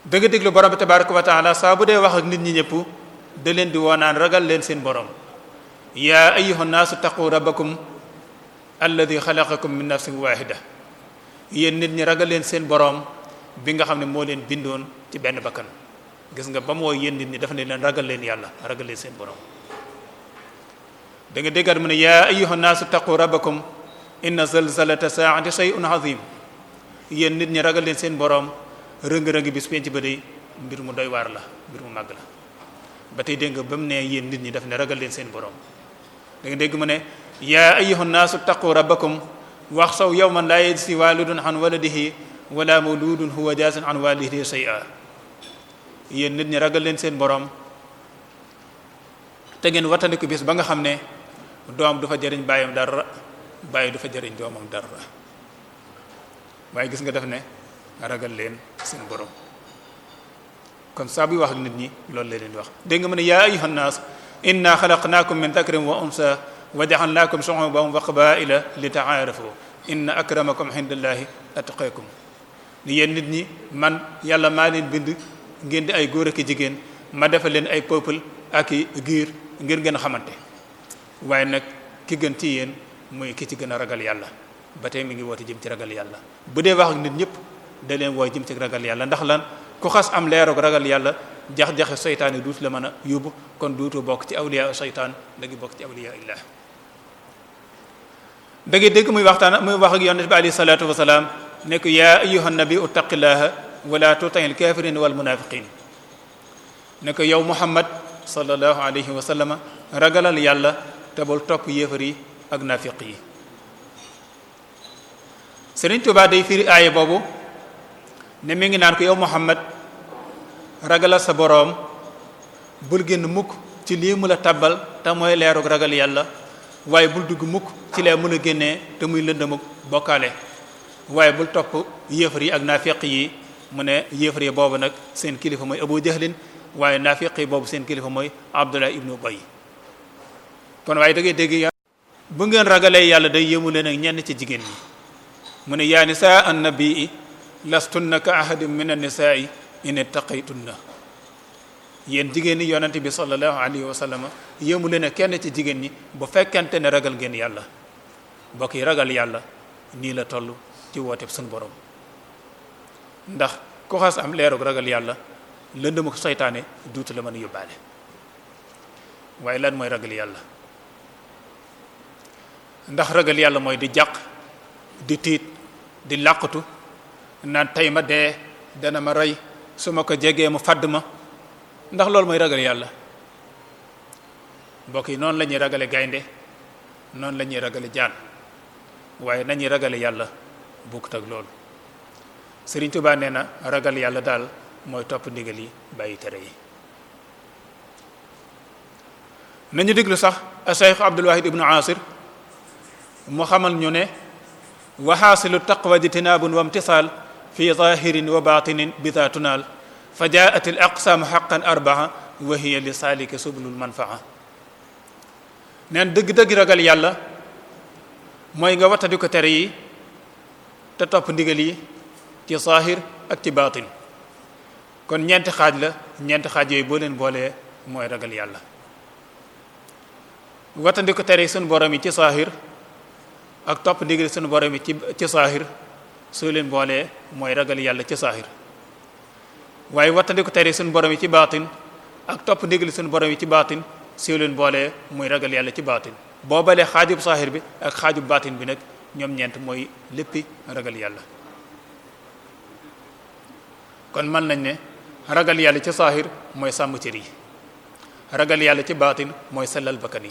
da nga déglu borom bi tabaraka wa taala saa bu dee wax ak nit ñi ñëpp da leen di woo naan ragal leen seen borom yaa ayyuha nnaasu taqu rabbakum alladi xalaqakum min nafsin wahida yéen nit ñi ragal leen seen boroom bi nga xam ne moo leen bindoon ci benn bakkan gis nga ba mu moo yéen nit ñi dafa ne leen ragal leen yàlla ragal seen boroom da nga mu ne yaa ayyuha naasu taqu rabbakum inna zalzalata saa'ati shay'un azim yéen nit ñi ragal seen boroom rëng-rëng bis penc ba day mbir mu doy la mbir mu màgg la ba tey nga ba ne yéen nit ñi daf ne ragal leen seen boroom wax saw yawman laa si waalidun an waladihi wala mawludun huwa jaazin an walidihi shay'a yéen nit ñi ragal leen seen borom te ngeen wattandiku bis ba nga xam ne doom dafa fa jëriñ bàyyam dara bàyyi dafa jariñ doomam dara waaye gis nga def ne ragal leen seen borom kon saa buy wax ak nit ñi loolu la leen di wax dégg nga mu ne yaa ayyuhan naas inna xalaqnaakum min dakrin wa unsa wa ja'alnaakum shu'uban baa qabaa'ila li ta'aarafu inna akramakum indallahi atqaakum ni yéen nit ñi man yàlla maa leen bind ngeen di ay góor ak i jigéen ma defal leen ay peuple ak i giir ngir gën a xamante waaye nag ki gën ci yéen muy kii ci gën a ragal yàlla ba tey mu ngi woote jëm ci ragal yàlla bu dee wax nit ñëpp da leen wooy jëm ci ragal yàlla ndax lan ku xas am leeroog ragal yàlla jax-jaxe seytaan yi la mën a yóbbu kon duutu bokk ci awliya seytaan da bokk ci da ngay dégg muy waxtaan muy wax ak yonent bi alayhi salaatu wasalaam ne ko yaa ayyuhan nabi uttaqillaha wala tuti'il kafirin wal munafiqin ne ko yow muhammad sallallahu alayhi wa sallama ragalal yàlla te bul topp yéefar yi ak nafiq yi Sëriñ Tuubaa day firi aaya boobu ne mi ngi naan ko yow muhammad ragalal sa boroom bul génn mukk ci lii mu la tabbal te mooy leerug ragal yàlla waaye bul dugg mukk ci lay mën a génnee te muy lëndëmuk bokkaale waaye bul topp yéefar yi ak naafeq yi mu ne yéefar yi boobu nag seen kilifa mooy Abu Jahlin waaye naafeq yi boobu seen kilifa mooy Abdullah ibnu Ubay kon waaye da ngay dégg bu ngeen ragalee yàlla day yëmu leen ak ñenn ci jigéen ñi mu ne yaa nisaa annabii na ka ahadin min annisaai in ittaqaytunna yéen jigéen ñi yonente bi sallallahu alayhi wa sallam yëmu leen ak kenn ci jigéen ñi bu fekkente ne ragal ngeen yàlla mbokk yi ragal yàlla nii la toll ci wooteeb sunu borom ndax ku xas am leerug ragal yàlla lëndëmu ko seytaane duuti la mën a yóbbaale waaye lan mooy ragal yàlla ndax ragal yàlla mooy di jàq di tiit di làqatu naan tey ma dee dana ma rey su ma ko jegee mu fàdd ma ndax loolu mooy ragal yàlla mbokk yi noonu la ñuy ragale gaynde noonu la ñuy ragale jaan waaye nañu ragal yàlla bukkut ak loolu Sëriñ Tuubaa nee na ragal yàlla daal mooy topp ndigal yi bàyyi tere yi nañu déglu sax Cheikh Abdul Wahid ibnu Asir mu xamal ñu ne wa taq taqwa jitinaabun wa imtisaal fi zahirin wa batinin bida tunaal fa jaat al aqsaamu arbaa wa hiya li saaliki sublul manfaa neen dëgg-dëgg ragal yàlla mooy nga wattadi ko tere yi te topp ndigal yi ci saahir ak ci baatin kon ñeenti xaaj la ñeenti xaaj yooyu boo leen boolee mooy ragal yàlla wattandi ko tere yi sunu borom yi ci saahir ak topp ndigal sunu borom yi ci ci saahir soo leen boolee mooy ragal yàlla ci saahir waaye wattandi ko tere yi sunu borom yi ci baatin ak topp ndigal sunu borom yi ci baatin soo leen boolee mooy ragal yàlla ci baatin boo balee xaajub saaxir bi ak xaaju baatin bi nag ñoom ñeent mooy léppi ragal yàlla kon mën nañ ne ragal yàlla ci saaxir mooy sàmm cër yi ragal yàlla ci baatin mooy sellal bakkan yi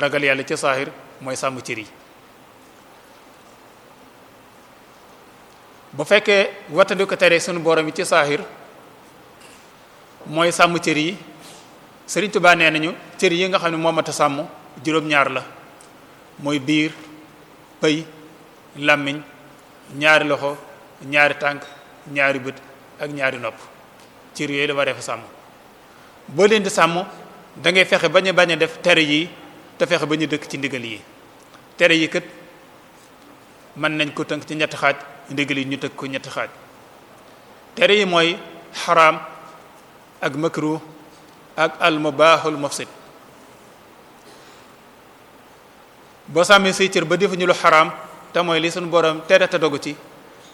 ragal yàlla ci mooy sàmm cër yi bu fekkee wattandiku tere sunu borom yi ci saaxir mooy sàmm cër yi Sëriñ Tuubaa nee nañu cër yi nga xam ne moo mat a sàmm juróom-ñaar la mooy biir pëy làmmiñ ñaari loxo ñaari tànk ñaari bët ak ñaari nopp cër yooyu dafa def sàmm boo leen di sàmm dangay fexe bañ a bañ a def tere yi te fexe ba ñu dëkk ci ndigal yi tere yi kat mën nañ ko tënk ci ñetti xaaj ndigal yi ñu tënk ko ñetti xaaj tere yi mooy xaraam ak makruh ak al mubaahul mufsid boo sàmmee say cër ba defuñu lu xaraam te mooy li suñu borom tere dogu ci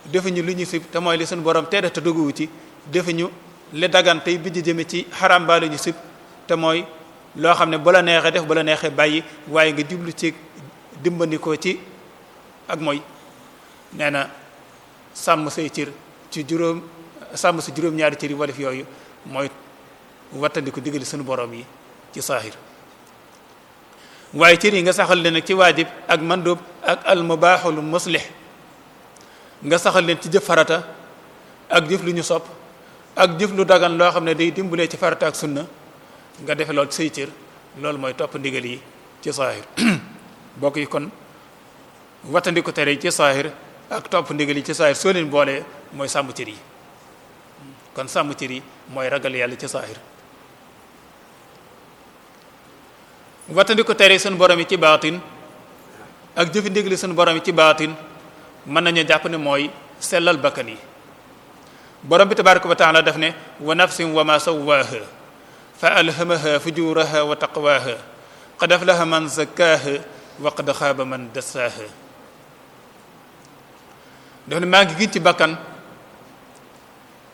defuñu lu ñu sib te mooy li suñu borom ci defuñu li dagan tey bi ñu jëme ci xaraam baa lu ñu sib te mooy loo xam ne bala la neexee def bala neexee bàyyi waaye nga jublu ci dimbandikoo ci ak mooy nee sàmm say cër ci juróom sàmm si juróom-ñaari cër yi walif yooyu mooy wattandiku digali sunu borom yi ci saaxir waaye cër yi nga saxal leen nag ci waajib ak mandub ak almubaaxul muslih nga saxal leen ci jëf farata ak jëf lu ñu sopp ak jëf lu dagan loo xam ne day dimbulee ci farata ak sunna nga defe lool ci say cër loolu mooy topp ndigal yi ci saaxir bokk yi kon wattandiku tere yi ci saaxir ak topp ndigal yi ci saaxir soo leen boolee mooy sàmm cër yi kon sàmm cër yi mooy ragal yàlla ci saaxir wattandi ko tere suñu borom yi ci baatin ak jëfi ndigal suñu borom yi ci baatin mën nañu jàpp ne mooy sellal bakkan yi borom bi tabaraka wa taala def ne wa nafsin wa ma sawwaaha fa alhamaha fujuraha wa taqwaha qad aflaha man zakkaaha wa qad xaaba man dassaaha def ne maa ngi giñ ci bakkan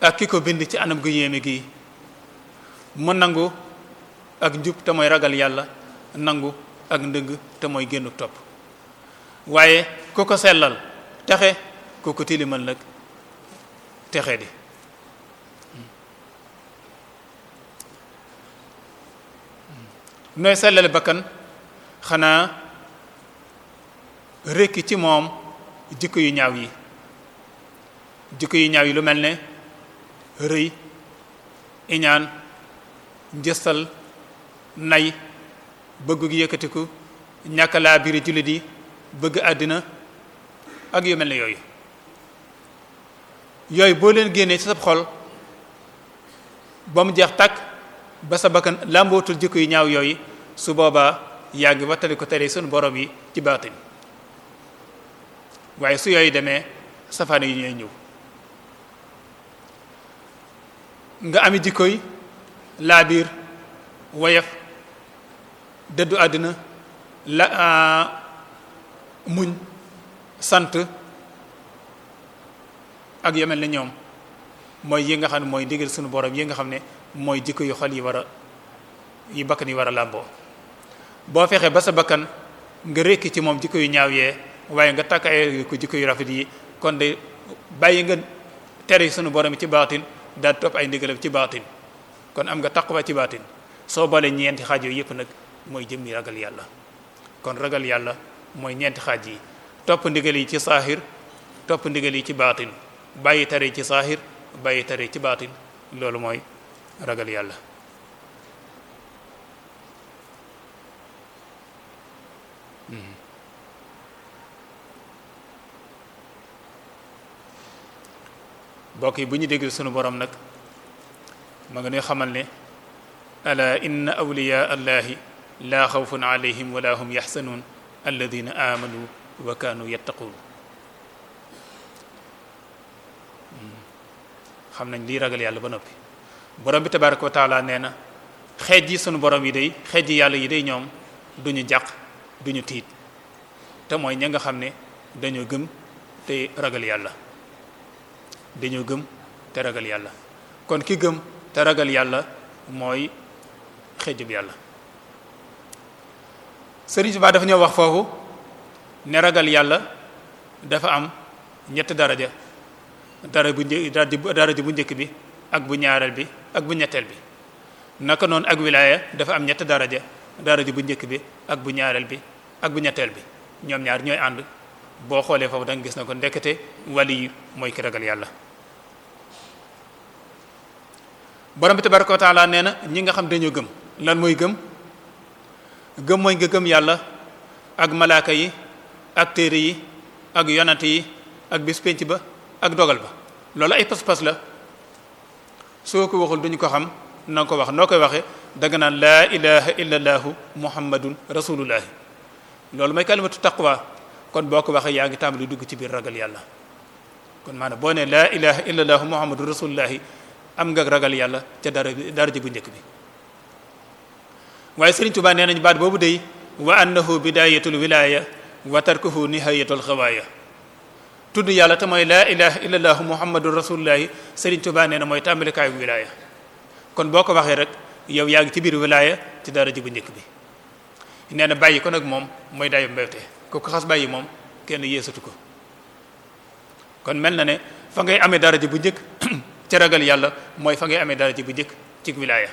ak ki ko bind ci anam gu yéeme gi mu nangu ak njub te mooy ragal yàlla nangu ak ndëng te mooy génnu topp waaye ku ko sellal texe ku ko tilimal nag texe di nooy sellale bakkan xanaa rekki ci moom jikko yu ñaaw yi jikko yu ñaaw yi lu mel ne rëy iñaan njësal nay bëgg gi yëkkatiku ñàkk laa biir jullit yi bëgg àddina ak yu mel ne yooyu yooyu boo leen génnee ci sab xol ba mu jeex tàkk ba sa bakkan làmbootul jikko yi ñaaw yooy su boobaa yaa ngi wattali ko tere sunu borom yi ci baatin waaye su yooyu demee safaan yi ñooy ñëw nga ami jikkoy laa biir woyof dëddu àddina la euh, muñ sant ak yemel ne ñoom mooy yi nga xam ne mooy ndigal suñu borom yi nga xam ne mooy jikko yu xol yi war a yi bakkan yi war a làmboo boo fexee ba sa bakkan nga rekki ci moom jikko yu ñaaw yee waaye nga takk ay ko jikko yu rafet yi kon de bàyyi nga tere suñu borom ci baatin daal ay ndigalam ci baatin kon am nga taqwa ci baatin soo boolee ñeenti xaaj yooyu yëpp nag mooy jëmmi ragal yàlla kon ragal yàlla mooy ñeenti xaaj yi topp ndigal yi ci saaxir topp ndigal yi ci baatin bàyyi tere ci saaxir bàyyi tere ci baatin loolu mooy ragal yàlla mbokk yi bu ñu déglu sunu borom nag ma nga ñuy xamal ne ala inna awliya allahi laa xawfun alayhim wala hum yaxsanuun alladina amanu wa kaanu yattaquun xam nañ liy ragal yàlla ba noppi borom bi tabaraka wa taala nee na xeej yi sunu borom yi day xeej yàlla yi day ñoom duñu jàq duñu tiit te mooy ña nga xam ne dañoo gëm te ragal yàlla dañoo gëm te ragal yàlla kon ki gëm te ragal yàlla mooy xeejub yàlla Sëriñ Tuubaa dafa ñoo wax foofu ne ragal yàlla dafa am ñett daraja dara bu daraja bu njëkk bi ak bu ñaareel bi ak bu ñetteel bi naka noonu ak wilaaya dafa am ñetti daraja daraja bu njëkk bi ak bu ñaareel bi ak bu ñetteel bi ñoom ñaar ñooy ànd boo xoolee foofu danga gis na ko ndekete wali yi mooy ki ragal yàlla borom bi tabaraka wa nee na ñi nga xam dañoo gëm lan mooy gëm gëm mooy nga gëm yàlla ak malaaka yi ak téere yi ak yonante yi ak bis ba ak dogal ba loolu ay pas-pas la soo ko waxul duñu ko xam na nga ko wax noo koy waxee danga naan laa ilaha illallahu muhammadun rasulullahi loolu mooy kalimatu waa kon boo ko waxee yaa ngi tàmbali dugg ci biir ragal yàlla kon maanaam boo ne laa ilaha illallahu muhammadun rasulullahi am nga ragal yàlla ca dara daraja bu njëkk bi waaye Serigne Touba nee nañu baat boobu day wa annahu bidayatul wilaya wa tarkuhu nihayatul xawaaya tudd yàlla te mooy laa ilaha illallahu muhammadu rasulullahi Serigne Touba nee na mooy tàmbalikaayu wilaya kon boo ko waxee rek yow yaa ngi ci biir wilaya ci dara bu njëkk bi nee na bàyyi ko nag moom mooy dayu mbéwte ku ko bàyyi moom kenn yéesatu ko kon mel na ne fa ngay amee dara bu njëkk ci ragal yàlla mooy fa ngay amee dara ji bu njëkk ci wilaya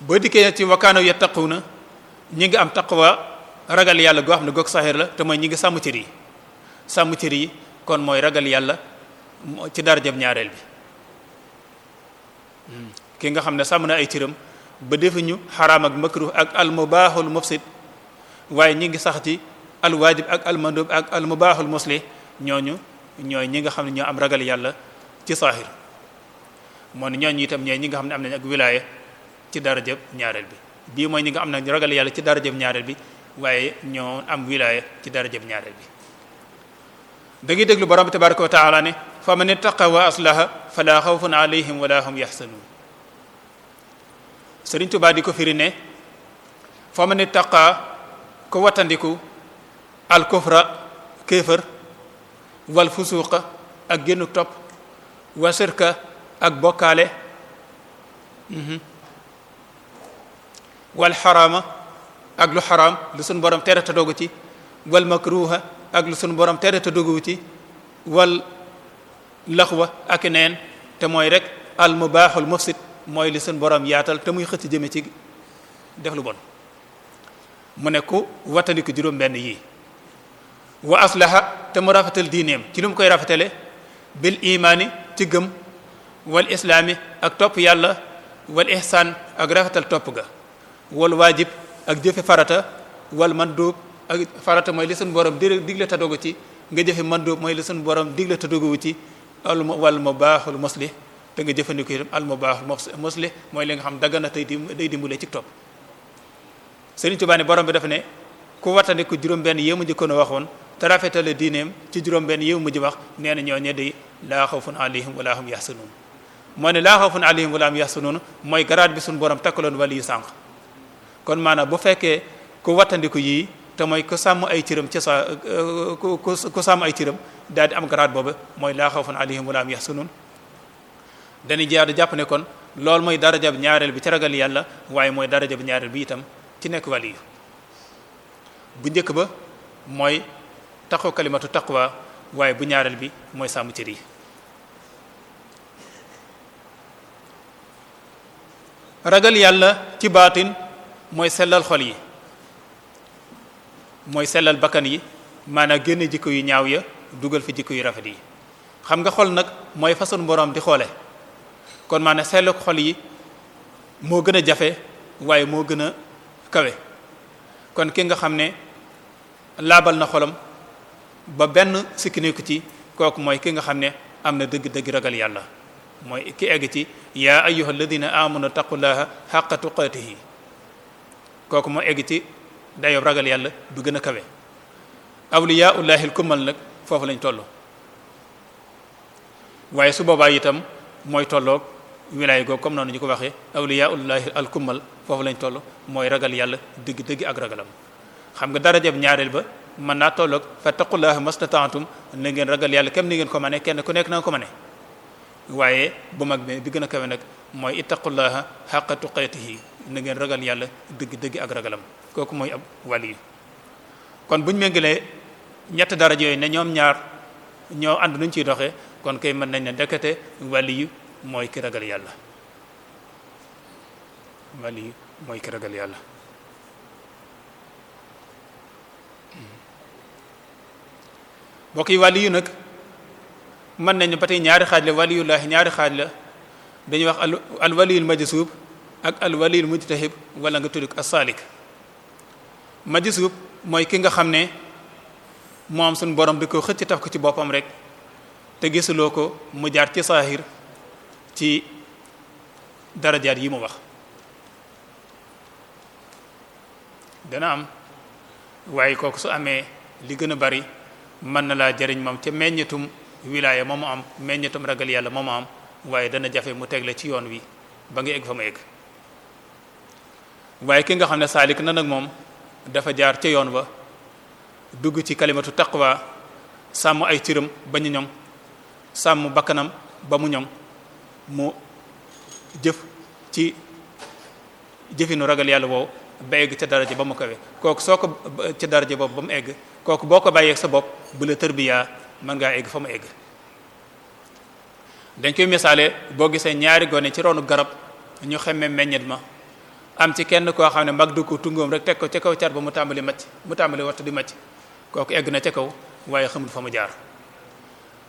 boo dikkee ci wakkaano na ñi ngi am taqwa ragal yàlla goo xam ne goog saxeer la te mooy ñi ngi sàmm cër yi sàmm cër yi kon mooy ragal yàlla ci darajab ñaareel bi hmm. ki nga xam ne sàmm na ay cëram ba defuñu xaraam ak makruh ak almubaahul mufsid waaye ñi ngi sax ci alwaajib ak almandub ak almubaahul musli ñooñu ñooy ñi nga xam ne ñoo am ragal yàlla ci saaxir moo ne ñooñu itam ñooy ñi nga xam ne am nañ ak wilaaya ci darajab ñaareel bi bii mooy ñi nga am na ragal yàlla ci darajab ñaareel bi waaye ñoo am wilaaya ci darajab ñaareel bi da ngay déglu borom bi tabaraka wa taala ne fa man ittaqa wa aslaha fala xawfun alayhim wala hum yaxsanun sëriñ Tuubaa di ko firi ne fa man ittaqa ko wattandiku al kéefër wal fusuqa ak génnu topp wa ak bokkaale mhm. wal xaraama ak lu xaraam lu sunu borom tere te dogu ci wal makruha ak lu sunu borom tere te ci wal laxwa ak neen te mooy rek al mubaaxul mufsid mooy li sunu borom yaatal te muy xëcc jëme ci def lu bon mu ne ku wattandiku juróom-benn yii wa aslaha te mu rafetal diineem ci lu mu koy rafetale bil imaani ci gëm wal islaami ak topp yàlla wal ihsaan ak rafetal topp ga wal waajib ak jëfe farata wal mandóob ak farata mooy li suñu borom di digle ta dogu ci nga jëfe mandóob mooy li suñu borom digle ta doguwu ci al wal mubaaxul muslih te nga jëfandikoo itam al mubaaxul muslih mooy li nga xam daggan na tey di day dimbalee ci topp Sëriñ Tuubaa ne borom bi dafa ne ku wattane ku juróom-benn yee mu njëkkoon a waxoon te rafetale diineem ci juróom-benn yee mu mujj wax nee na ñoo ñe day laa xawfun alayhim wala hum yaxsanuun moo ne laa xawfun alayhim wala hum yaxsanuun mooy garaat bi suñu borom takkaloon wàllu yu sànq kon maanaam bu fekkee ku wattandiku yii te mooy ku sàmm ay tiram ci sa ku ku sàmm ay tiram daal di am garaat boobu mooy laa xawfun alayhim wala hum yaxsunun dañuy jaadu jàpp ne kon loolu mooy daraja bi ñaareel bi ci ragal yàlla waaye mooy daraja bi ñaareel bi itam ci nekk waliyu bu njëkk ba mooy taxu kalimatu taqwa waaye bu ñaareel bi mooy sàmm cër yi ragal yàlla ci baatin mooy sellal xol yi mooy sellal bakkan yi maanaam génne jikko yu ñaaw ya dugal fi jikko yu rafet yi xam nga xol nag mooy façon boroom di xoole kon maanaam sellal xol yi moo gën a jafe waaye moo gën a kawe kon ki nga xam ne laabal na xolam ba benn sikki ci kooku mooy ki nga xam ne am na dëgg-dëgg ragal yàlla mooy ki egg ci yaa ayyuha alladina amanu taqullaha xaqa tuqatihi kooku moo egg ci dayoob ragal yàlla bu gën a kawe awliyaullahil kumal nag foofu lañu toll waaye su boobaa itam mooy tollook wilaay googu comme noonu ñu ko waxee awliyaullahi al kumal foofu lañ toll mooy ragal yàlla dëgg dëgg ak ragalam xam nga darajab ñaareel ba mën naa tollook fa tolloog fattaqullaha mastata'tum na ngeen ragal yàlla kem ni ngeen ko mane kenn ku nekk na nga ko mane waaye bu mag bi bi gën a kawe nag mooy ittaqullaha haqqa tuqatihi na ngeen ragal yàlla dëgg-dëgg ak ragalam kooku mooy ab wàll yi kon bu ñu méngalee ñett daraja yooyu ne ñoom ñaar ñoo ànd nuñ ciy doxee kon kay mën nañ ne ndekete wàll yi mooy ki ragal yàlla wàll yi mooy ki ragal yi wàll yu nag mën nañu ba tey ñaari xaaj la waliyullaahi ñaari xaaj la dañuy wax al waliyul majsuub ak alwalil mujtahib wala nga tudd asalik majisub mooy ki nga xam ne moom suñ borom di ko xëcc taf ko ci boppam rek te gisuloo ko mu jaar ci saahir ci dara jaar yi mu wax dana am waaye kooku su amee li gën a bari mën na laa jariñ moom ca meññetum wilaaya mu am meññetum ragal yàlla moomu am waaye dana jafe mu tegle ci yoon wi ba nga egg fa ma egg waaye ki nga xam ne saalik na nag moom dafa jaar ca yoon wa dugg ci kalimatu taqwa sàmm ay cëram ba ñu ñoŋ sàmm bakkanam ba mu ñoŋ mu jëf ci jëfinu ragal yàlla woow ba egg ca daraja ba mu kawe kooku soo ko ca daraja boobu ba mu egg kooku boo ko bàyyeeg sa bopp bu la tërbiyaa mën ngaa egg fa mu egg dañ koy misaale boo gisee ñaari gone ci ronu garab ñu xemme meññet ma am ci kenn koo xam ne mag du ko tungoom rek teg ko ca kaw car ba mu tàmbali macc mu tàmbali wattu di macc kooku egg na ca kaw waaye xamul fa mu jaar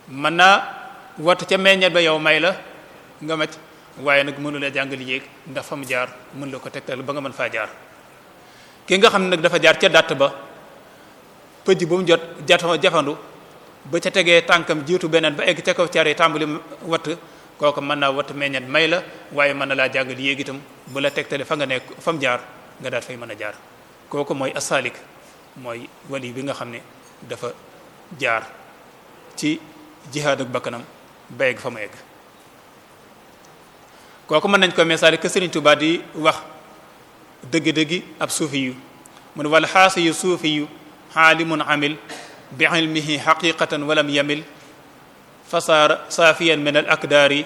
mën naa wattu ca meññet ba yow may la nga macc waaye nag mënu la jàngali yéeg ndax fa mu jaar mën la ko tegtal ba nga mën faa jaar ki nga xam ne nag dafa jaar ca dàtt ba pëj bu mu jot jato jafandu ba ca tegee tànkam jiitu beneen ba egg ca kaw car yi tàmbali watt kooku mën naa watt meññet may la waaye mën na laa jàngal yéeg itam bu la tegtale fa nga nekk fam jaar nga daal fay mën a jaar kooku mooy asaalik mooy wali bi nga xam ne dafa jaar ci jihaad ak bakkanam bayeg fa mu egg kooku mën nañ ko misaal ke Sëriñ Tuubaa di wax dëgg-dëgg ab suufi yu mun wala xaasi yu suufi yu xaalimun amil bi ilmihi xaqiqatan walam yamil fa saara saafiyan min al akdaari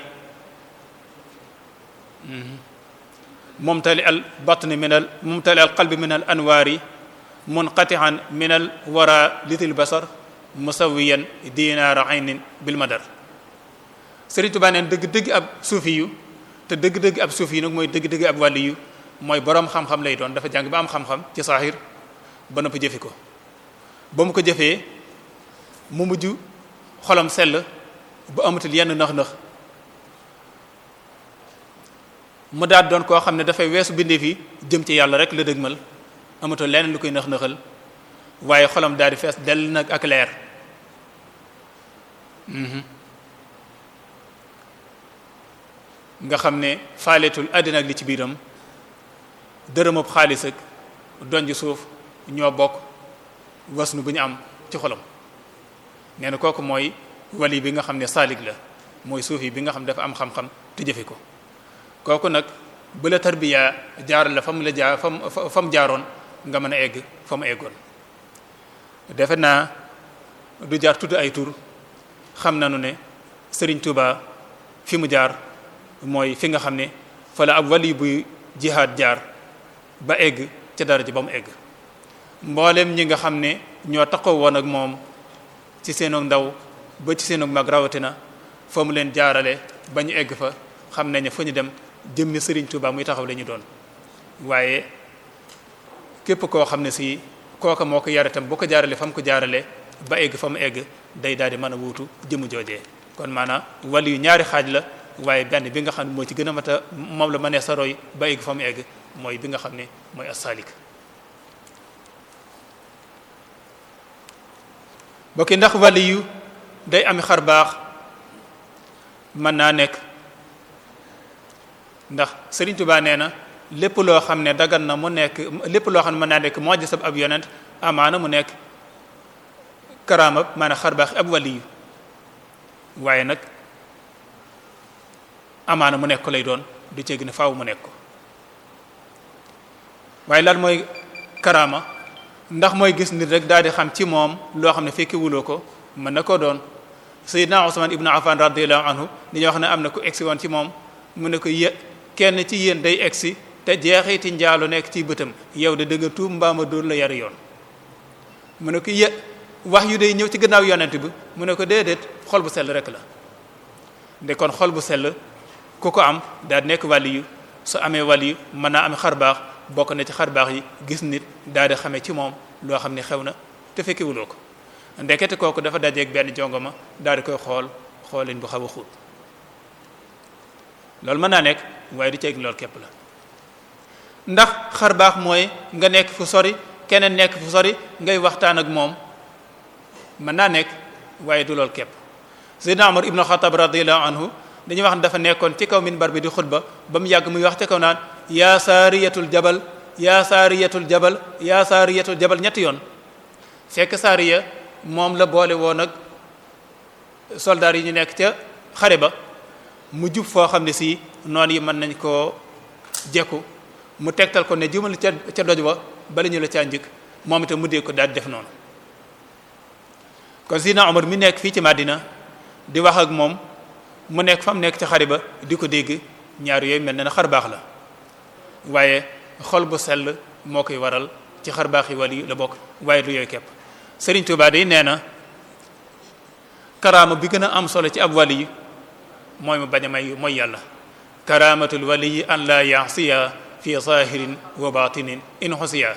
mumtali al batni min al mumtali al qalbi min al anwaari munqatihan min al wara litil basar musawiyan dinaara aynin bil madar Sëriñ Tuubaa neen dëgg-dëgg ab suufi yu te dëgg-dëgg ab suufi yu nag mooy dëgg-dëgg ab wàlli yu mooy boroom xam-xam lay doon dafa jàng ba am xam-xam ci saaxir ba nopp jëfe ko ba mu ko jëfee mu mujj xolam sell bu amatul yenn nax-nax mu daal doon koo xam ne dafay weesu bindee yi jëm ci yàlla rek la mal amatul leneen lu koy nax-naxal waaye xolam daal di fees dell nag ak leer mhm. nga xam ne faaleetul àddina ak li ci biiram dërëm ab xaalis ak donj suuf ñoo bokk wasnu bu ñu am ci xolam nee kooku mooy wali bi nga xam ne saalig la mooy suufi bi nga xam dafa am xam-xam te jëfe ko kooku nag bu la tarbiya jaar la fa mu la jaar fam fa mu jaaroon nga mën a egg fa mu eggoon defe naa du jaar tudd ay tur xam nanu ne Serigne Touba fi mu jaar mooy fi nga xam ne fa la ab wali buy jihaad jaar ba egg ca ji ba mu egg mboolem ñi nga xam ne ñoo woon ak moom ci seenoog ndaw ba ci seenu mag rawatina fa mu leen jaarale ba ñu egg fa xam nañ ne fa ñu dem jëmmi sëriñ Touba muy taxaw la doon waaye képp koo xam ne si kooka moo ko yara tam bu ko jaarale fa mu ko jaarale ba egg fa mu egg day daal di mën a wuutu jëmu joojee kon maanaam wàll ñaari xaaj la waaye benn bi nga xam ne moo ci gën a mat a moom la mënee sa roy ba egg fa mu egg mooy bi nga xam ne mooy asalik bokki ndax wàll day am xar baax mën naa nekk ndax Serigne Touba nee na lépp loo xam ne dagan na mu nekk lépp loo xam ne mën naa nekk moo sab ab yonent amaana mu nekk karaama maanaam xar baax ab waliyu waaye nag amaana mu nekk ko lay doon du cee gën faw mu nekk ko waaye lan mooy karaama ndax mooy gis nit rek daal di xam ci moom loo xam ne fekki ko mën na ko doon Seydina Usman ibnu Affan radiyallahu anhu ni ñu wax ne am na ku egsi woon ci moom mu ne ko yë kenn ci yéen day egsi te jeexiti njaalu nekk ci bëtam yow de dëgg tuub mbaama dóor la yar yoon mu ne ko yë wax yu day ñëw ci gannaaw yonent bi mu ne ko déedéet xol bu sell rek la de kon xol bu sell ku ko am daal nekk wàll yu su amee wàll yu mën naa am xar baax bokk na ci xar baax yi gis nit daal di xamee ci moom loo xam ni xew na te fekkewuloo ko ndekete kooku dafa dajeeg benn jongama daal di koy xool xoolin bu xaw a xóot mën naa nekk waaye du ceeg loolu képp la ndax xar baax mooy nga nekk fu sori keneen nekk fu ngay waxtaan ak moom mën naa nekk waaye du loolu képp Seydina Umar ibnu Xattaab radiyallahu anhu dañuy wax ne dafa nekkoon ci kaw bar bi di xutba ba ba mu yàgg muy wax ci kaw naan yaa saariyatul jabal yaa saariyatul jabal yaa saariyatul jabal ñetti yoon fekk saariya moom la boole woon ak soldaar yi ñu nekk ca xare ba mu jub foo xam ne si noonu yi mën nañ koo jekku mu tegtal ko ne jëmal ca ca doj wa bala ñu la caa njëkk moom itam mu dee ko daal def noonu kon Sidna Omar mi nekk fii ci Madina di wax ak moom mu nekk fa mu nekk ca xare ba di ko dégg ñaar yooyu mel na ne xar baax la waaye xol bu sell moo koy waral ci xar baax yi wal yi la bokk waaye du yooyu képp. sëriñ Tuubaa day nee na karaama bi gën a am solo ci ab wali yi mooy mu bañ a may mooy yàlla karaamatul wali yi an la yasiya fi zahirin wa batinin in xusiya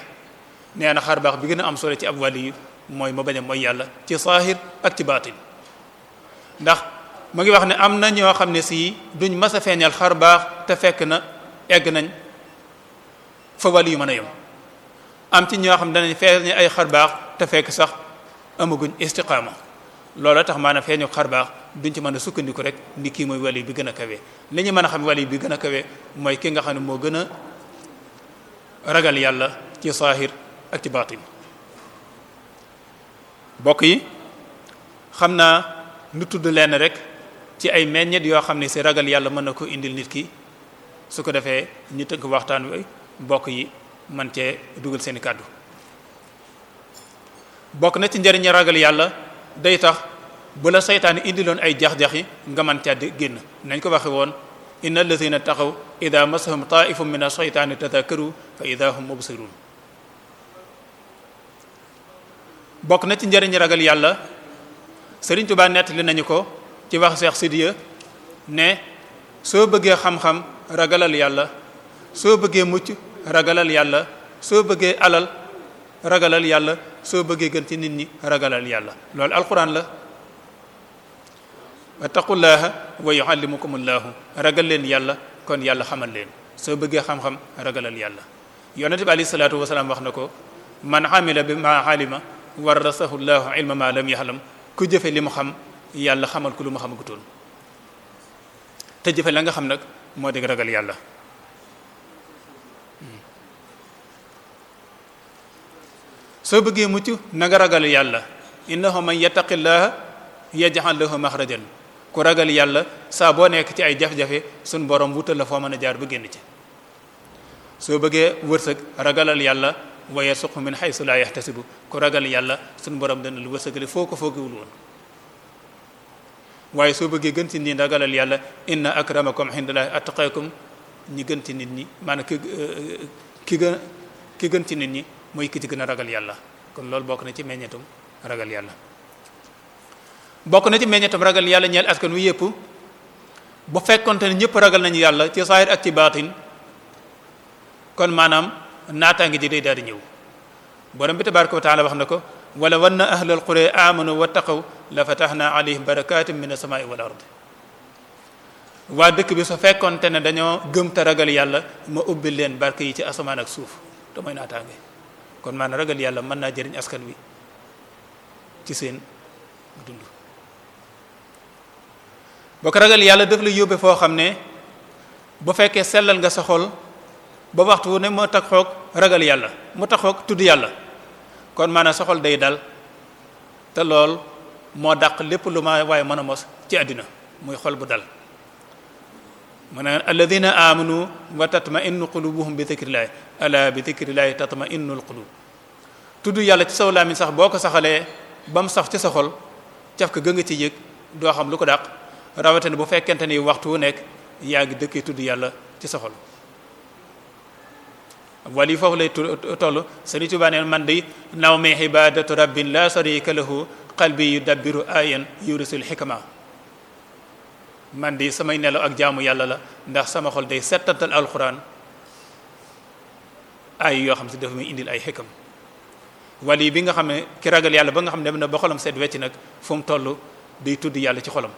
nee na xar baax bi gën a am solo ci ab wali yi mooy mu bañ a mooy yàlla ci zahir ak ci baatin ndax mu ngi wax ne am na ñoo xam ne si duñ mas a feeñal xar baax te fekk na egg nañ fa wali yu mën a yem am ci ñoo xam danañ feeñ ni ay xarbaax te fekk sax amaguñ istiqaama loola tax maanaam feeñu xar xarbaax duñ ci mën a sukkandiku rek ni kii mooy wali bi gën a kawee li ñu mën a xam wali bi gën a kawee mooy ki nga xam ne moo gën a ragal yàlla ci saahir ak ci baatin bokk yi xam naa nu tudd lenn rek ci ay meññet yoo xam ne si ragal yàlla mën na ko indil nit ki su ko defee ñu tëgg waxtaan wi bokk yi man cee dugal seeni kàddu bokk na ci njëriñ ragal yàlla day tax bu la saytaane indiloon ay jax-jax nga man caa di génn nañ ko waxe woon inna allazina taxaw ida masahum taifum min aseytaani tadakaru fa ida hum mubsirun bokk na ci njëriñ ragal yàlla Sëriñ Tuubaa nettali nañu ko ci wax Seex Sidiya ne soo bëggee xam-xam ragalal yàlla soo bëggee mucc ragalal yàlla soo bëggee alal ragalal yàlla soo bëggee gën ci nit ñi ragalal yàlla loolu alquran la wattaqullaha wa yuallimukumullaahu ragal leen yàlla kon yàlla xamal leen soo bëggee xam-xam ragalal yàlla yonente bi alayhi salaatu wasalaam wax na ko man amila bi ma alima warasahu llaahu ma lam yaxlam ku jëfe li mu xam yàlla xamal ko lu mu xamagutoon te jëfe la nga xam nag moo dégg ragal yàlla soo bëggee mucc na nga ragal yàlla innahu man yattaqillaha yaj'al lahu makhrajan ku ragal yàlla saa boo nekk ci ay jafe-jafe suñ borom wutal la foo mën a jaar ba génn ci soo bëggee wërsëg ragalal yàlla wa yarzuqhu min haythu la yahtasibu ku ragal yàlla suñ borom dana lu wërsëgale foo ko foogiwul woon waaye soo bëggee gën ci nit ñi ragalal yàlla inna akramakum indallahi atqakum ñi gën ci nit ñi maanaam ki ki gën ki gën ci nit ñi mooy ki ci gën a ragal yàlla kon loolu bokk na ci meññetum ragal yàlla bokk na ci meññetum ragal yàlla ñeel askan wi yëpp bu fekkonte ne ñëpp ragal nañu yàlla ci saahir ak ci baatin kon maanaam naataange ji day daal di ñëw borom bi tabaraka wa taala wax na ko wala wan na ahlal qura amanu wa taqaw la fatahna alayhim barakatin min as-samaa'i wal ard waa dëkk bi su fekkonte ne dañoo gëm te ragal yàlla ma ubbi leen barke yi ci asamaan ak suuf te mooy naataange kon maanaam ragal yàlla mën naa jariñ askan wi ci seen dund boo ko ragal yàlla def la yóbbe foo xam ne bu fekkee sellal nga sa xol ba waxtu wu ne moo tax xoog ragal yàlla mu tax tudd yàlla kon maana sa xol day dal te lool moo dàq lépp lu ma waaye mën a mos ci àddina muy xol bu dal mu ne alladina amanu wa tatmainu qulubuhum bi dicrillahi ala tatmainu l tudd yàlla ci saw làmmiñ sax boo ko saxalee ba mu sax ci soxol xol caf ka gën nga ci yëg doo xam lu ko dàq rawatina bu fekkente ni waxtu wu nekk yaa ngi dëkkee tudd yàlla ci sa xol wali foofu lay toll Sëriñ Tuubaa nee man di naw me ibadatu rabbin la sharika lahu qalbi yudabbiru ayan yurisul xikma man di samay nelaw ak jaamu yàlla la ndax sama xol day settatal alxuraan ay yoo xam si dafa muy indil ay xikam wali bi nga xam ne ki ragal yàlla ba nga xam ne dem na ba xolam seet wecc nag fu mu toll day tudd yàlla ci xolam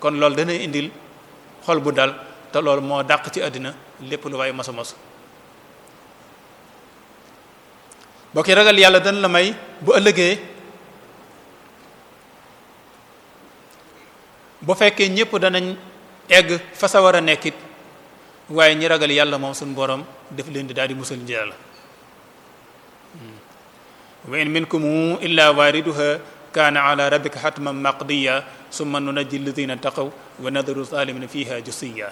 kon loolu dana indil xol bu dal te loolu moo dàq ci àddina lépp lu waaye mosa mos boo ki ragal yàlla dana la may bu ëllëgee bu fekkee ñépp danañ egg fa sawar a nekkit waaye ñi ragal yàlla moom suñ borom def leen di daal di musal njëra la hmm. wa in minkum illa waariduha kaana ala rabbika xatman maqdiya summa nunajji alladina taqaw wa nadaru zalimina fiha jusiya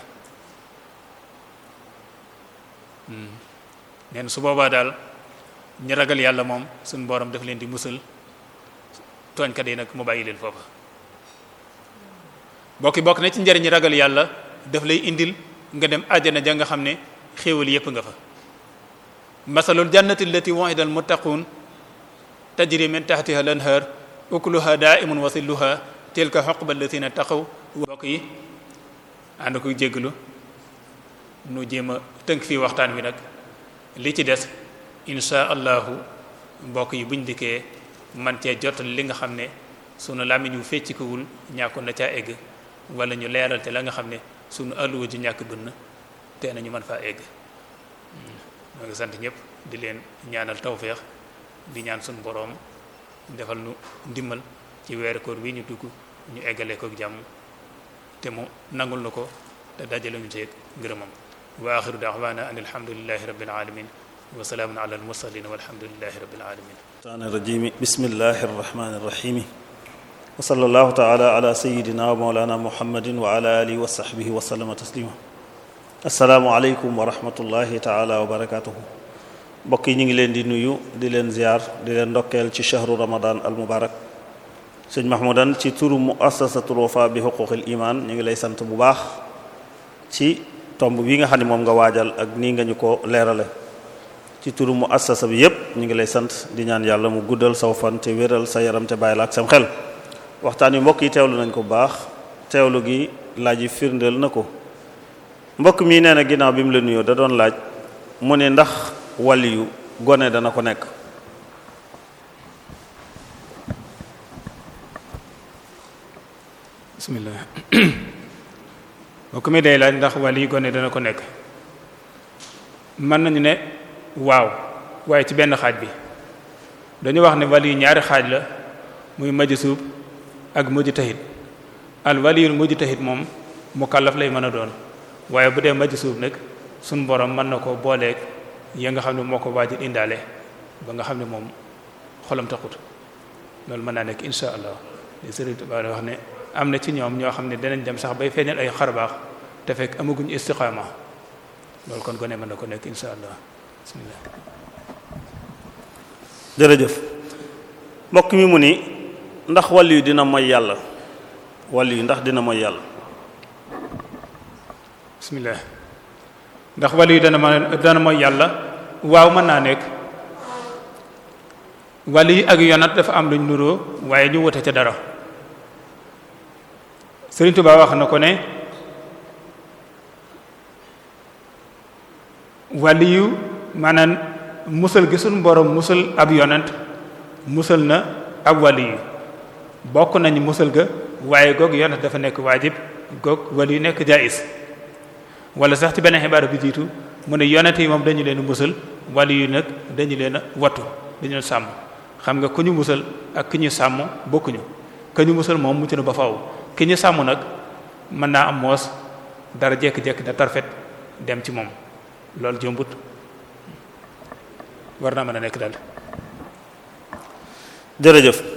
hmm. neen su boobaa daal ñi ragal yàlla moom suñu borom daf leen di musal tooñkat yi nag mu bàyyi leen foofa bokki bokk na ci njariñi ragal yàlla daf lay indil nga dem àjjana ja nga xam ne xéewal yépp nga fa masalul jannati allati wa'ida al muttaqun tajri min tahtiha al anhar ukluha da'imun wa zilluha tilka uqba allatheena taqaw bokk yi ànd ko jégglu nu jéem a tënk fii waxtaan wi nag li ci des insha allahu mbokk yi buñ dikkee man cee jot li nga xam ne sunu làmmiñ wu feccikuwul ñàkkoon na caa egg wala ñu leeral te la nga xam ne sunu àlluwa ji ñàkk bënn tee nañu man faa egg hmm. ñoo ngi sant ñëpp di leen ñaanal tawféex di ñaan sunu boroom defal nu ndimmal ci weeru koor wi ñu dugg ñu eggalee kook jàmm te mu nangul na ko te dajale ñu ci ngërëmam wa axiru daawaana an alhamdulilahi rabbil alamin wa salaamun ala almursalin walhamdulilahi rabbil alamin shaytaani rajiim wa sallallahu taala ala sayidina wa mawlana muhammadin wa ala alihi wa sahbihi wa sallama taslima assalaamu aleykum wa rahmatullahi taala wa mbokk yi ñu ngi leen di nuyu di leen ziar di leen ndokkeel ci chahru ramadan al mubarak sëñ mahmudan ci turu muassasatul wafa bi xuquqil iman ñu ngi lay sant bu baax ci tomb bi nga xam ne moom nga waajal ak nii nga ñu ko leerale ci turu muassasa bi yépp ñu ngi lay sant di ñaan yàlla mu guddal saw fan te wéral sa yaram te bàyyi la ak sam xel waxtaan wi mbokk yi teewlu nañ ko bu baax teewlu gi laaj yi firndeel na ko mbokk mi nee na ginnaaw bi mu la nuyoo da doon laaj mu ne ndax waliyu gone dana ko nekk bismillah mbokk mi day laaj ndax waliyu dana ko nekk mën nañu ne waaw waaye ci benn xaaj bi dañu wax ne waliyu ñaari xaaj la muy majusub ak mujtahid al waliyul mujtahid moom mukallaf lay mën a doon waaye bu dee majsuub nag suñ borom mën na ko booleeg ya nga xam ne moo ko waajal indaale ba nga xam ne moom xolam taxut loolu mën naa nekk insha allah li Sëriñ Tuubaa ne am na ci ñoom ñoo xam ne danañ dem sax bay feeñal ay xarbaax te fekk amaguñ istiqaama loolu kon gone mën na ko nekk insha allah bismillah mbokk mi mu ni ndax wàllu yu dina moy yàlla wàllu yu ndax dina mooy yàlla bismillah ndax wàllu yu dana ma dana mooy yàlla waaw mën naa nekk wàllu yi ak yonat dafa am luñ nuroo waaye ñu wute ca dara Sëriñ Tuubaa wax na ko ne wàllu yu maanaam musal gisul borom musal ab yonent musal na ab wàllu bokk nañu musal ga waaye goog yonent dafa nekk waajib goog wala yu nekk jaayis wala sax ci beneen xibaare bi jiitu mu ne yonent yi moom dañu leen musal wala yu nag dañu leen a wattu dañu leen sàmm xam nga ku ñu musal ak ki ñu sàmm bokkuñu ku ñu musal moom mucc na ba faw ki ñu sàmm nag mën naa am moos dara jékki-jékki da tarfet dem ci moom loolu jëmbut war naa mën a nekk daal jërëjëf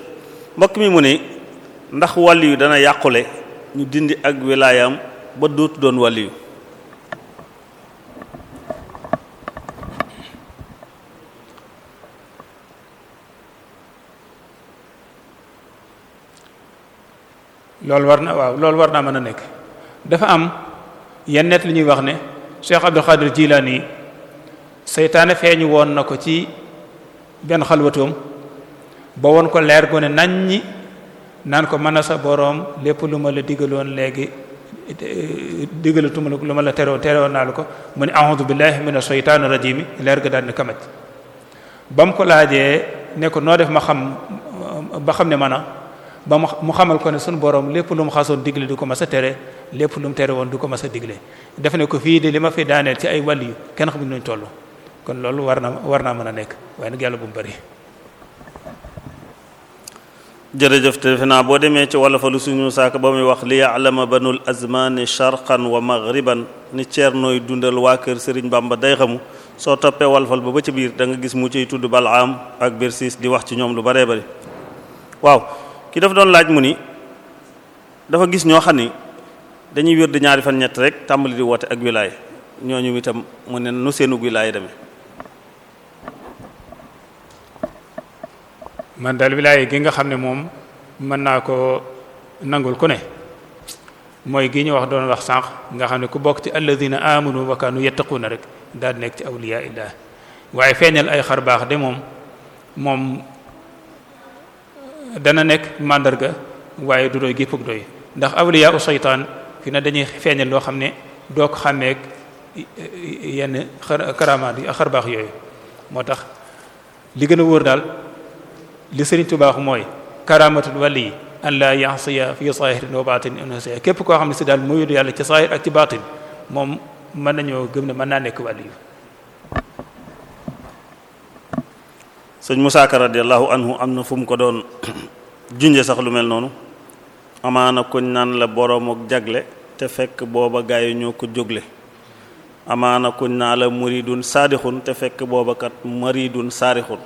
mbokk mi mu ni ndax wàlli yu dana yàqule ñu dindi ak wilaayam ba dootu doon wàlli yu loolu war na waaw loolu war naa mën a nekk dafa am yenn li ñuy wax ne Cheikh Abdul Qadir Jilani seytaane feeñu woon na ko ci benn xalwatoom ba won ko leer gu ne nañ ñi naan ko mën a sa boroom lépp lu ma la digaloon léegi digalatuma lu ma la tere woon naa lu ko mu ne a'udhu billahi mina shaytaani rajim leer ga daal ne kamaj ba mu ko laajee ne noo def ma xam ba xam ne man a ba mu xamal ko ne sunu borom lépp lu mu xasoon digle du ko mas a tere lépp lu mu tere woon du ko mas a digle def ne ko fii de li ma fi daaneel ci ay wàll yu kenn xamuñ nuñ toll kon loolu war na war naa mën a nekk waaye nag yàlla bu mu bari jërëjëf te defe naa boo demee ci wolofalu suñu saaka ba muy wax li yaalama banul azmaani charqan wa maghriban ni ceernooy dundal waa kër Sëriñ Bamba day xamu soo toppee wolofal ba ba ci biir da nga gis mu ciy tudd balaam ak bersis di wax ci ñoom lu baree bari waaw ki dafa doon laaj mu ni dafa gis ñoo xam ni dañuy wér di ñaari fan ñett rek tàmbali di woote ak wilaay ñooñu itam mu ne nu seenu wilaay demee man daal wilaaya gi nga xam ne moom mën naa ko nangul ku ne mooy gi ñu wax doon wax sànq nga xam ne ku bokk ci alladina amanu wa kanu yattaquuna rek daal di nekk ci awliya illah waaye feeñal ay xar baax de moom moom dana nekk màndarga waaye du doy gépp ak doy ndax awliya u seytaan fi na dañuy feeñal loo xam ne doo ko xàmmeek yenn xar karamaat yi ak xar baax yooyu moo tax li gën a wóor daal li sëriñ Tuubaa mooy karamatul wali an la ya'siya fi zahirin wa batin insa képp koo xam ne si daal mu yódu yàlla ci zahir ak ci batin moom mën nañoo gëm ne mën naa nekk wàllu yu sëñ Musaa Ka radiyallahu anhu am na fu mu ko doon junje sax lu mel noonu amaana kuñ naan la boroom ak jagle te fekk booba gaayu ñoo ko jógle amaana kuñ naa la muridun saadixun te fekk booba kat maridun saarixun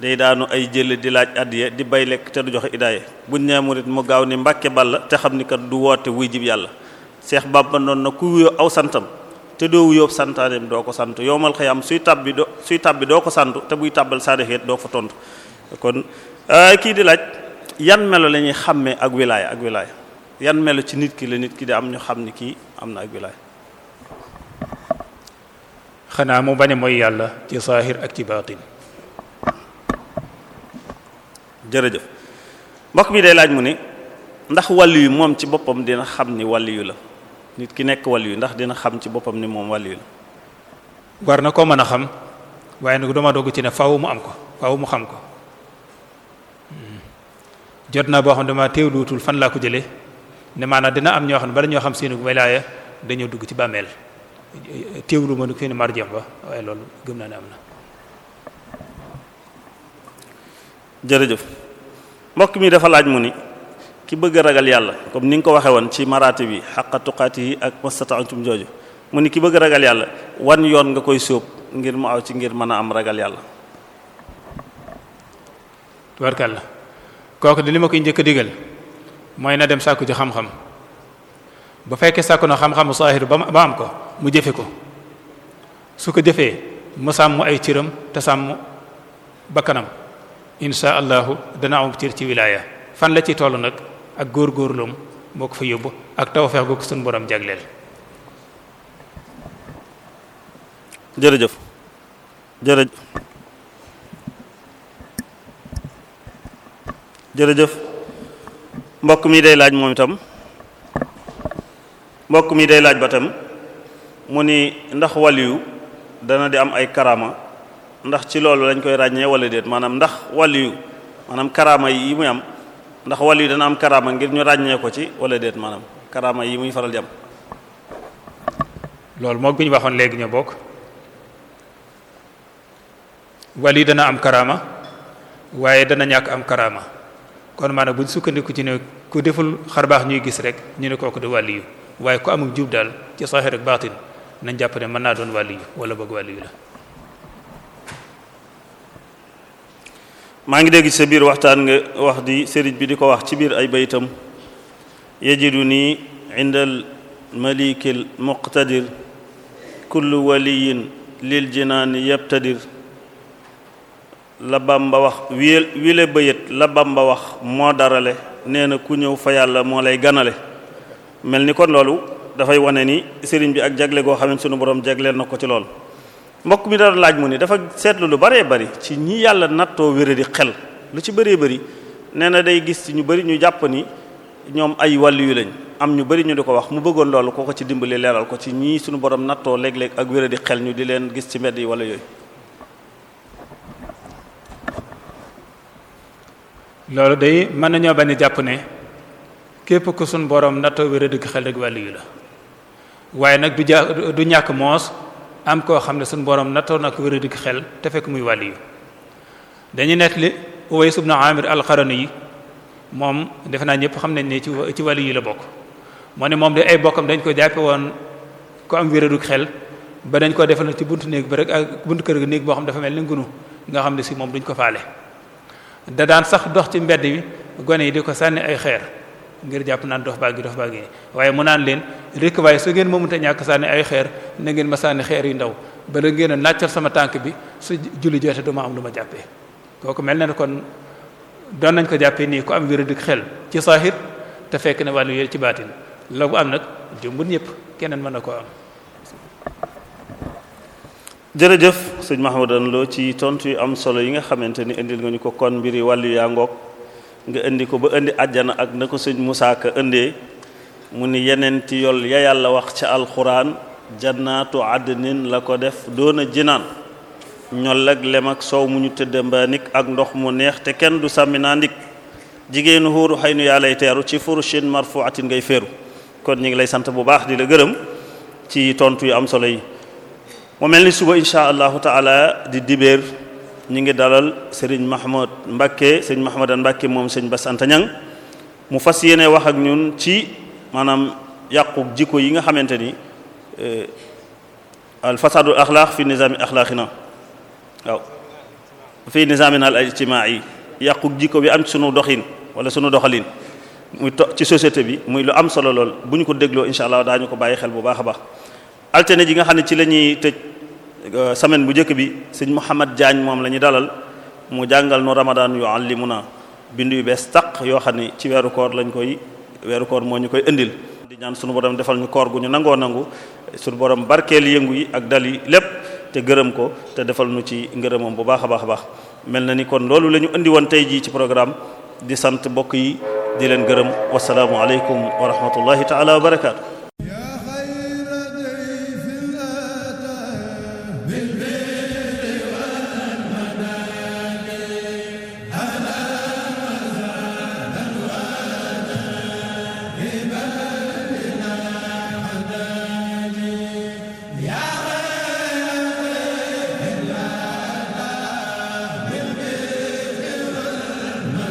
day daanu ay jël di laaj addiye di bay lekk te du joxe bu buñ nee murit mu gaaw ni mbàkke balla te xam ni kat du woote wuy jib yàlla seex bàmba noon na ku wuyoo aw santam te doo wuyoo santaaneem doo ko sant yowmal xëyam suy tab bi doo suy tab doo ko santu te buy tàbbal saadixeet doo fa tontu kon kii di laaj yan melo lañuy ñuy xàmmee ak wilaaya ak wilaaya yan melo ci nit ki la nit ki di am ñu xam ni kii am na ak wilaaya xanaa mu bañ a mooy yàlla ci saahir jërëjëf mbokk bi day laaj mu ni ndax wàllu yu moom ci boppam dina xam ni wàllu yu la nit ki nekk wàllu yu ndax dina xam ci boppam ni moom wàllu yu la war na koo mën a xam waaye nag dama dogg ci ne faaw mu am ko mu xam hmm. jot naa boo xam ne dama teewluutul fan laa ko jëlee ne maanaa dina am ñoo xam ne bala ñoo xam seenu wilaaya dañoo dugg ci bàmmeel teewlu ma nu fi ne ba waaye loolu gëm naa ne am na jërëjëf mbokk mi dafa laaj mu ni ki bëgg a ragal yàlla comme ni nga ko waxee woon ci maraati bi xaqa tuqaati yi ak mastata'tum jooju mu ki bëgg a yàlla wan yoon nga koy sóob ngir mu ci ngir mën a am ragal yàlla tubarkàlla kooku di li ma koy njëkk a digal mooy na dem sàkku ci xam-xam bu fekkee sàkku na xam-xamu saahir ba ba am ko mu jëfe ko su ko jëfee mu sàmm ay ciram te sàmm bakkanam insha allahu dana am tiir ci wilaaya fan la ci toll nag ak góor moo ko fa yóbbu ak tawfeex gu ko sunu borom jagleel. jërëjëf jërëjëf mbokk mi day laaj moom itam mbokk mi day laaj ba tam mu ni ndax waliyu dana di am ay karama ndax ci loolu dañ koy ràññee wala déet maanaam ndax waliyu maanaam karaama yi muy am ndax waliyu dana am karaama ngir ñu ràññee ko ci wala déet maanaam karaama yi muy faral di am loolu moo bi ñu waxoon léegi ñoo bokk waliyu dana am karaama waaye dana ñàkk am karaama kon maanaam buñ sukkandiku ci ne ku deful xar baax ñuy gis rek ñu ne kooku du waliyu waaye ku amul jub daal ci saahir ak baatin nañ jàpp ne mën naa doon waliyu wala bëgg waliyu la maa ngi dégg sa biir waxtaan nga wax di sëriñ bi di ko wax ci biir ay baytam yajidu nii indal malikil muqtadir kullu waliyin lil jinaani yabtadir la bamba wax wile wile bayët la bamba wax moo darale nee na ku ñëw fa yàlla moo lay ganale mel ni kon loolu dafay wone ni sëriñ bi ak jagle goo xam ne sunu borom jagleel na ko ci lool mbokk mi dara laaj mu ni dafa seetlu lu baree bari ci ñi yàlla nattoo wéradi xel lu ci bëree bëri nee na day gis ci ñu bëri ñu jàpp ni ñoom ay wàllu yu lañ am ñu bari ñu di ko wax mu bëggoon loolu koo ko ci dimbali leeral ko ci ñii suñu borom nattoo léeg-léeg ak wéradi xel ñu di leen gis ci mbedd yi wala yooyu loolu day mën nañoo bañ a jàpp ne képp ku suñu borom nattoo wéradi xel rek wàllu yu la waaye nag du ja du ñàkk moos am koo xam ne suñ borom nattoo na ko wéradik xel te fekk muy wàlli yu dañuy nettali Uways ibn Amir al-Qarani yi moom defe naa ñëpp xam nañ ne ci ci wàlli yi la bokk moo ne moom de ay bokkam dañ ko jàppe woon ko am wéraduk xel ba dañ ko defal na ci buntu néeg ba rek ak buntu kër ga néeg boo xam dafa mel ni ngunu nga xam ne si moom duñ ko faale da daan sax dox ci mbedd bi gone yi di ko sànni ay xeer ngir jàpp naan dox baagi dox baagi waaye mu naan leen rek waaye su ngeen moomunte ñàkk sànni ay xeer na ngeen ma sànni xeer yu ndaw ba ngeen a nàccal sama tànk bi su julli te du ma am lu ma jàppe kooku mel na ne kon doon nañ ko jàppe nii ku am wéradik xel ci saahir te fekk ne wàllu yéen ci baatin la bu am nag jumbut ñépp keneen mën na koo am jërëjëf sëñ Mahamadan loo ci tontu yi am solo yi nga xamante ni indil nga ñu ko kon mbiri wàllu yaa ngoog nga indi ko ba indi àjjana ak na ko sëñ Musaa Ka indee mu ni yeneen ti yool ya yàlla wax ca alxuraan jannaatu adnin la ko def doona jinaan ñol ak lem ak soow mu ñu tëdd mbaanik ak ndox mu neex te kenn du sàmmi naa ndik jigéenu xuuru xëy nu yaa lay teeru ci furushin marfuatin ngay féeru kon ñu ngi lay sant bu baax di la gërëm ci tontu yu am solo yi mu mel ni suba incha allahu taala di dibéer ñi ngi dalal Serigne Mahmoud Mbacke Serigne Mahmoudan Mbacke moom Serigne Bass Anta Niang mu fas yéene wax ak ñun ci maanaam yàqu jikko yi nga xamante ni eh, al fasadul axlaax fi nizaami axlaaxina waaw fi nizaaminaa al ijtimaa'i yàqu jikko bi am ci sunu doxin wala sunu doxalin muy to ci société bi muy lu am solo lool bu ñu ko dégloo incha allah ñu ko bàyyi xel bu baax a baax ji nga xam ne ci la tëj. Euh, semaine bu jëkk bi sëñ Mouhamad Diagne moom la ñu dalal mu jàngal nu Ramadan yu allimuna bind yu bees taq yoo xam ne ci weeru koor lañ koy weeru koor moo ñu koy indil. di ñaan sunu borom defal ñu koor gu ñu nangoo nangu sunu borom barkeel yëngu yi ak dal yi lépp te gërëm ko te defal nu ci ngërëmam bu baax a baax a baax mel na ni kon loolu la ñu indi woon tey jii ci programme di sant bokk yi di leen gërëm wasalaamu aleykum wa rahmatullahi wa barakaatu.